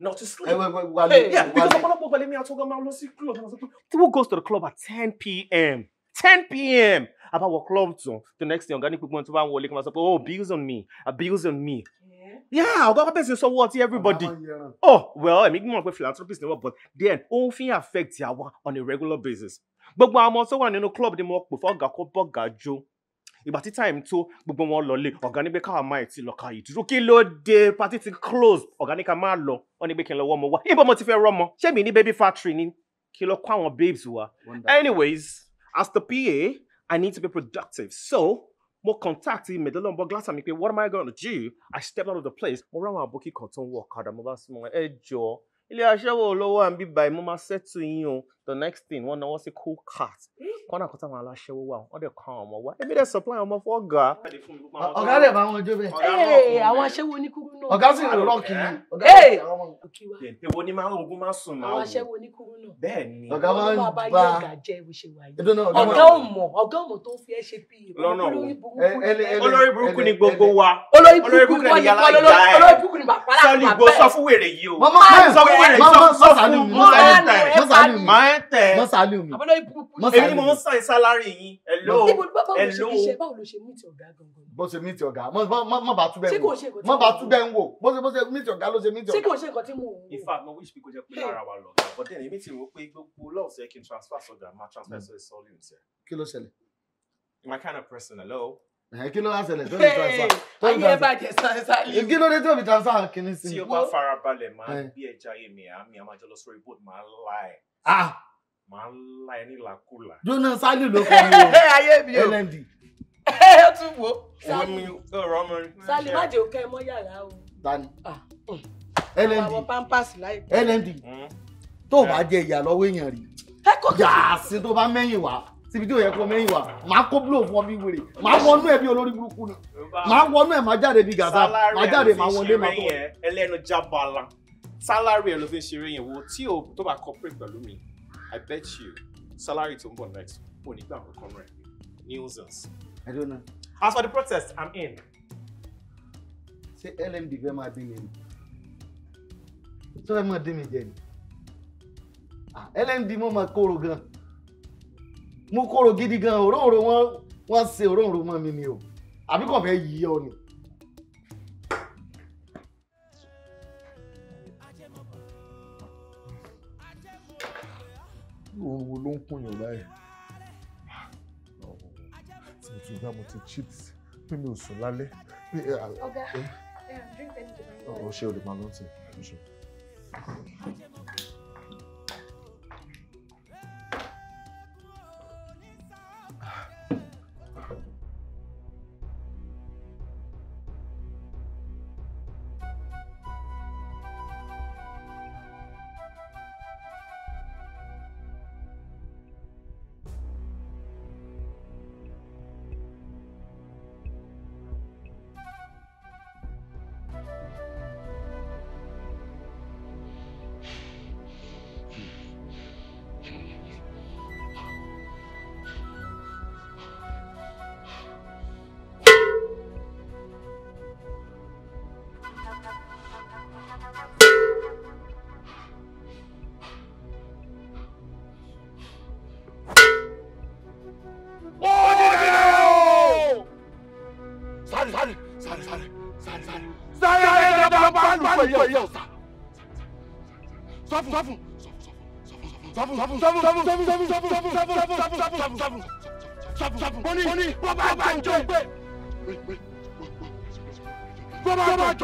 not to sleep. Hey, wait, wait, wale, hey, yeah, wale. because ọ̀pọ̀lọpọ̀ pẹ̀lú mi àtọ́gọ́ máa lọ sí club. People goes to the club at 10 p.m. 10 p.m. About what wọ club tán, the next day ọ̀gá ní to tó bá ń wọlé oh, bills on me, a bills on me. Yeah, ọ̀gá bẹ̀rẹ̀ sí sanwó ọtí everybody. Ah, oh, well, èmi gbọ́n pé philanthropist ni wọ́n, but then ó fi affect yàwá on a regular basis. But Gbogbo I'm also tó wà nínú club ni mo pè fọ́gà kó bọ́gà jó ìgbà tí time tó gbogbo wọn lọlé ọ̀gá ní pé káwa máa ti lọ ka ìdúró kí ló dé party ti close ọ̀gá ní ká máa lọ wọ́n ní pé kí n lọ wọ́mọ wá ibo mo ti fẹ́ rọ́mọ ṣé mi ní baby factory ni kí lọ kó àwọn babes wa. anyways as the PA I need to be productive so mo contact medolombo glass mi pé what am I gonna do I stepped out of the place mo rán àwọn àbókí kan tó ń wọ ọ̀kadà mo bá sọ ẹ jọ ilé aṣẹ́wó olówó à ń bíbá ẹ mo máa ṣẹ́tù yín o the next thing wọ́n náwó sí cool cat hmm. kọ́nà kan táwọn aláṣẹwó wà wọ́n dẹ̀ kọ́ àwọn ọmọ wa èmi dẹ̀ supply ọmọ fún ọ̀gá. ọ̀gá lè bá wọn jó bẹ́ẹ̀. àwọn aṣẹ́wó oníkúrú náà. ọ̀gá sì rò lọ́ọ̀kì ni. èwo ni máa ń ogun máa sùn máa wò. àwọn aṣẹ́wó oníkúrú náà. bẹ́ẹ̀ ni. ọ̀gá máa ń ba ọ̀gá jẹ́ ìwé ṣe wáyé. ọ̀gá ò mọ̀ ọ̀gá ò mọ̀ tó fi ẹ́ ṣe bí olórí burúkú ni gbogbo wa olórí burúkú ni ẹ fẹ́ tẹ̀ ẹ́. mọ́sá lù mí. àbọ̀dọ̀ ibú ibú èmi ni mò ń san ìsálárì yín. ẹ̀lò ẹ̀lò báwo ló ṣe mìtì ọ̀gá gangan. bó ṣe mìtì ọ̀gá mọ́ bá tú bẹ́ẹ̀ wò mọ́ bá tú bẹ́ẹ̀ wò bó ṣe bó ṣe mìtì ọ̀gá ló ṣe mìtì ọ̀gá. ṣé kò ṣe nǹkan tí mo wò. in fact mo wish pé kò jẹ́ pé lára wa lọ but then èmi ti rò pé gbogbo lọ́ọ̀sẹ̀ kí n transfer sọ́jà máa transfer hmm. sọ́jà sọ́ọ̀lù ìṣẹ́. kí ló ṣẹlẹ̀. my kind of person hello kí ló wá ṣẹlẹ̀ tó lè transfer tó lè transfer kí ló dé tó fi transfer kìíní sí. tí o bá fara balẹ̀ máa bí ẹja yé mi àmì àmàjọ lọ sórí boat máa láì màá la ẹ nílàkulà. jóná sálì ló kọ mi o ayé mi o lnd. ó tún wo. owó mi ọ̀rọ̀ ọmọ rẹ. sálì má jẹ́ òkè mọ́ yàrá o. dani ah, mm. lnd àwọn pampers láìpẹ́. lnd hmm. tó o bá eh. jẹ ìyá lọ́wọ́ èèyàn rí yàásì tó bá mẹ́yìn wá síbi tí ò yẹ kó mẹ́yìn wá màá kó blow fún ọ bí wèrè màá wọnú ẹ bí olórí burúkú ni màá wọnú ẹ màá jáde bí gàdá màá jáde màá wọlé màá tó. ẹlẹ́nu jábala sálárì ẹ̀ ló fi ń ṣeré yẹn wo tí o tó bá cooperate pẹ̀lú mi I bet you salary to ń next ò ní gbà kankan nuisance. I don't know. As for the protest, I'm in. Say LMD fẹ́ máa dín mi ni? Ṣé fẹ́ máa dín mi jẹ ni? Ah, LMD mo máa kóró gan. Mo kóró gidi gan, òróǹro wọn wọ́n ṣe òróǹro mọ́ mi ni o. Àbí kò fẹ́ àrùn wo ló ń kún yàn báyìí mo ti gbá mo ti cheat pé mi ò sùn lálẹ́. Ah, ọ̀gá eh, drink tẹ́lifíṣàn. ọ̀ṣẹ́ olùpamọ́ ti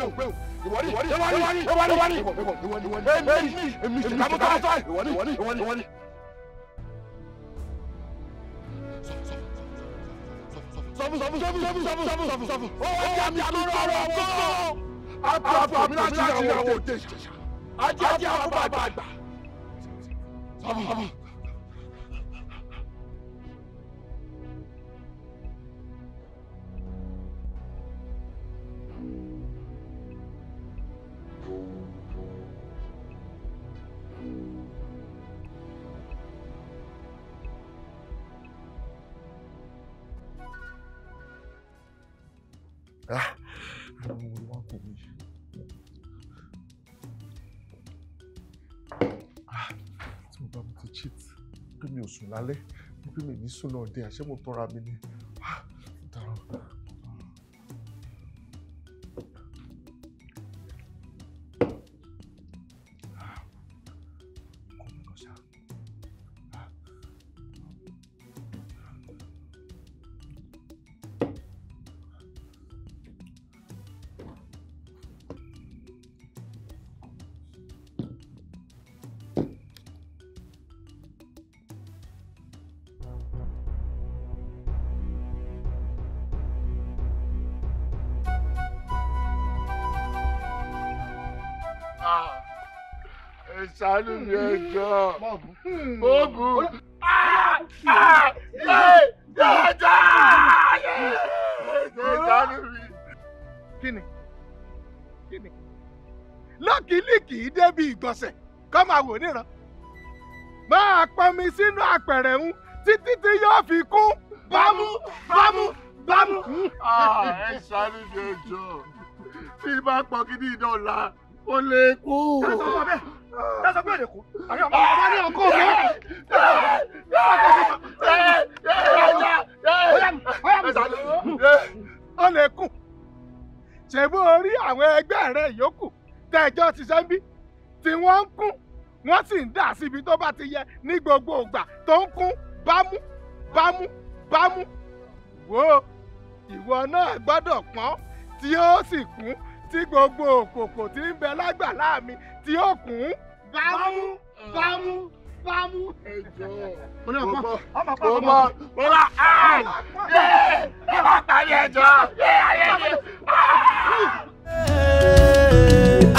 Bọ́bá ìwọ́ni ìwọ́ni ìwọ́ni ìwọ́ni ìwọ́ni ìwọ́ni èmi èmi kàmú kàmú sọ́ọ̀ ìwọ́ni ìwọ́ni ìwọ́ni ìwọ́ni. sọ́fù sọ́fù sọ́fù sọ́fù sọ́fù sọ́fù sọ́fù sọ́fù ó yà mí àtúntọ̀rọ̀ ọ̀gbọ́. àpò àmì láti ìyàwó òde àti àti àkóbá àgbà. sọ́fù sọ́fù. sùn náà dé àṣé mo tọ́ra mi ni. ah, ah, ṣàánú mi ẹ jọ bọ́ọ̀bù. kíni kíni lọ́kìlíkì débi ìgbọ̀nsẹ̀ kọ́ máa wò níran máa pọnmi sínú àpẹ̀rẹ̀ ń títí tí yóò fi kú bámú bámú bámú. ẹ ṣàánú mi ẹ jọ tí ì bá pọ kí ní ìdánwò la o lè kú. dáṣọ pé èdè kú àrí ọmọ ọkọ mi. o lè kú. ṣèbú orí àwọn ẹgbẹ́ rẹ̀ yòókù tẹ́jọ́ ti ṣe ń bí tí wọ́n ń kún wọ́n sì ń dà síbi tó bá ti yẹ ní gbogbo ìgbà tó ń kún bámú bámú bámú wo ìwọ náà gbọ́dọ̀ pọ́n tí ó sì kún tí gbogbo òkòkò tí ń bẹ lágbàlá mi tí ó kún. bámú bámú bámú. ẹjọ ọmọ ọmọ ọmọ ọmọ ẹ ẹ ọmọ tàbí ẹjọ ẹ ayé ah. mi.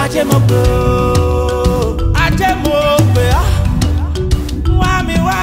ajẹmọgbò ajẹmọgbè á wá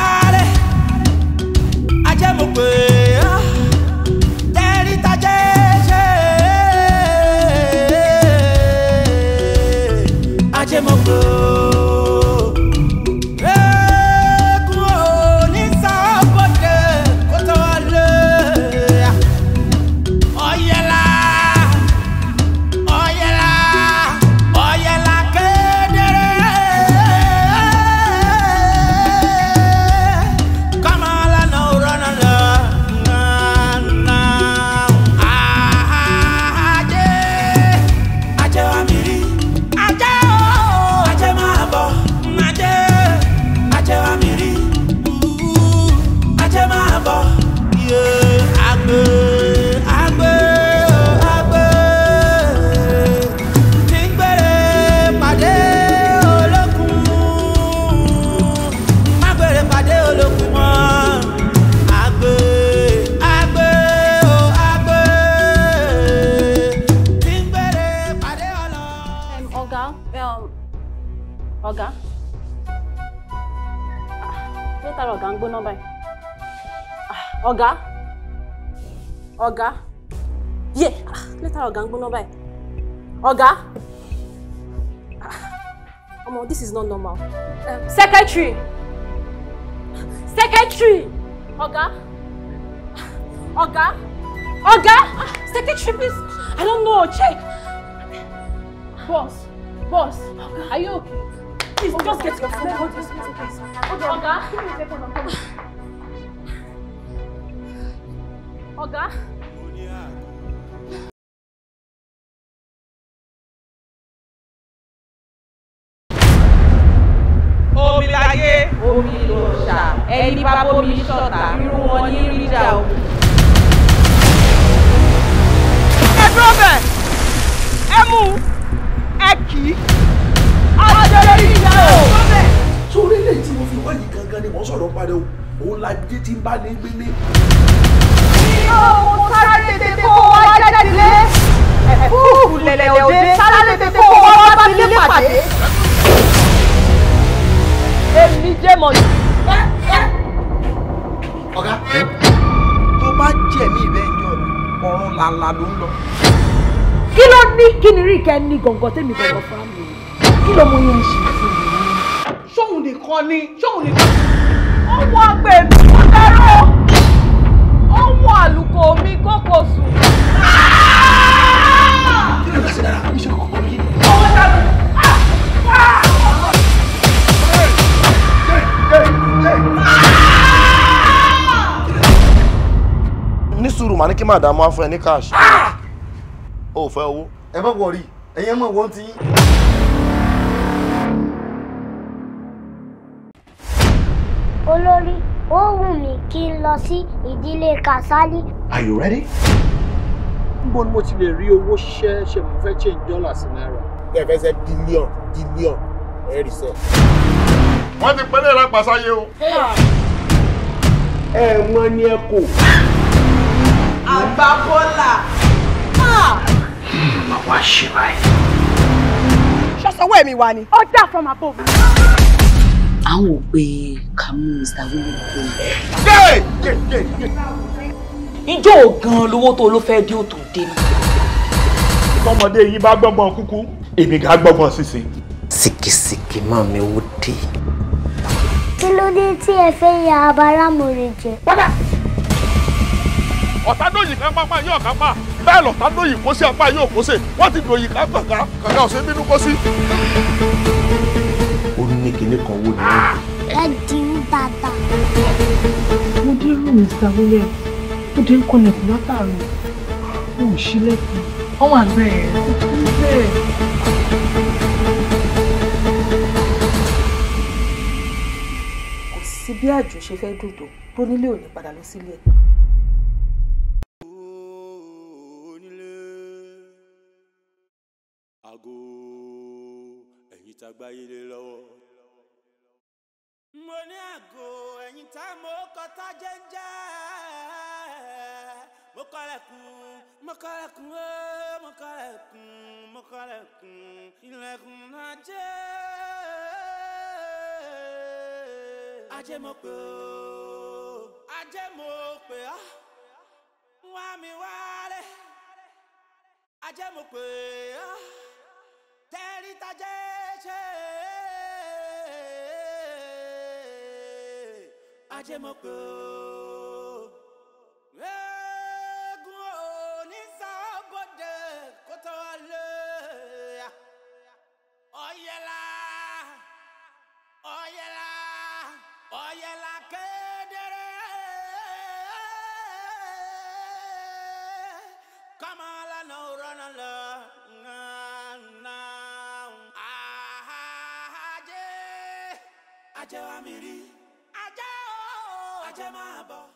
ẹ̀. ọ̀gá ọ̀gá yé lẹ́tà ọ̀gá ń gbóná Oga. ọ̀gá ọmọ this is not normal um, secretary secretary Oga, Oga. ọ̀gá secretary please I don't know check boss boss are you okay. Please, just get your phone. Go to the hospital, Hold on. Oga. Give me a second. I'm coming. Oga. sọ̀rọ̀ parí òun lajẹ́ tí ń bá ní gbélé. yóò sáré tètè kó wá jáde lé fúùfù lẹ̀lẹ̀ òde sáré tètè kó wá bá lé pàdé. èmi jẹ́ mọ̀ ọ̀gá tó bá jẹ̀mí ìbẹ́ ìjọ mi ọ̀run làlà ló ń lọ. kí ló ní kí ni rí ìkẹ́ ní gọ̀ǹgọ̀ tèmi gọ̀ǹgọ̀ fún mi kí ló mọ yẹn ṣe fún mi. sóhun nìkan ni sóhun nìkan ni ọmọ àgbẹ̀ mi kò dárò ọmọ àlùkò mi kókò sùn. kí ló ń bá sí dára mi ṣe kókó mi. ní sùúrù màá ní kí màdàmú afọ ẹ ní cash. Ah! o ò fẹ́ owó. ẹ bá wọrí ẹ̀yin mọ̀ wọ́n ti yín. olórí ó wù mí kí n lọ sí ìdílé Kàsálí. Are you ready? níbo ni mo ti lè rí owó ṣiṣẹ́ ṣe mo fẹ́ change dollar sí náírà. bẹ́ẹ̀ fẹ́ sẹ́ bílíọ̀n bílíọ̀n ẹ̀ rí sẹ́. wọ́n ti pẹ́lẹ́ ra pàṣáyé o. ẹ wọ́n ní ẹ kò. àgbàbọ́là. Hmm, màmá wa ṣe báyìí. ṣọ́sọ́wọ́ ẹ̀mí wa ni. ọjà from above àwọn ò pé ká mú Mr. william kúrò. ìjọ gan-an lówó tó ló fẹ́ dé òtò dé mi. tọmọdé yìí bá gbọ́gbọ́n kúkú èmi gà gbọ́gbọ́n sísìn. sìkìsìkì máa mi wò dé. kí ló dé tí ẹ fẹ́ ya abáramọ̀rẹ̀ jẹ. padà ọ̀tádóyìn kan máa máa yọ̀ kan máa bẹ́ẹ̀ lọ̀tádóyìn kó sí apá yóò kó sí wọ́n ti dòyìn ká kàkà kàkà ọ̀sẹ̀ bínú kó sí ní kinní kan wó ni wọ́n. láti ń bàtà. mo dé rú Mr. William ó dé ń kọlẹ̀kùn látàrí ó ń ṣílẹ̀kùn ọmọ àgbẹ̀ ẹ̀ ó kú bẹ́ẹ̀. kò sí bí àjò ṣe fẹ́ dùn tó tó nílé ò ní padà lọ sílé ẹ̀. ago ẹ̀yin tagbáyé lé mo ní àgò ẹ̀yìn tá mo kọta jẹ́ńjẹ́ mo kọ́lẹ̀kùn mo kọ́lẹ̀kùn mo kọ́lẹ̀kùn mo kọ́lẹ̀kùn ilẹ̀kùn náà jẹ́. ajé mo pè ó ajé mo pè á wá mi wálé ajé mo pè á tẹ́rí tajé ṣe é. ajẹmọpẹ o. eégún ò ní sábọdẹ kó tó wá lé ọyẹlá ọyẹlá ọyẹlá kedere kọmọlá náà rọnà lọ nana. ajẹ́ ajẹ́ máa jẹ́ máa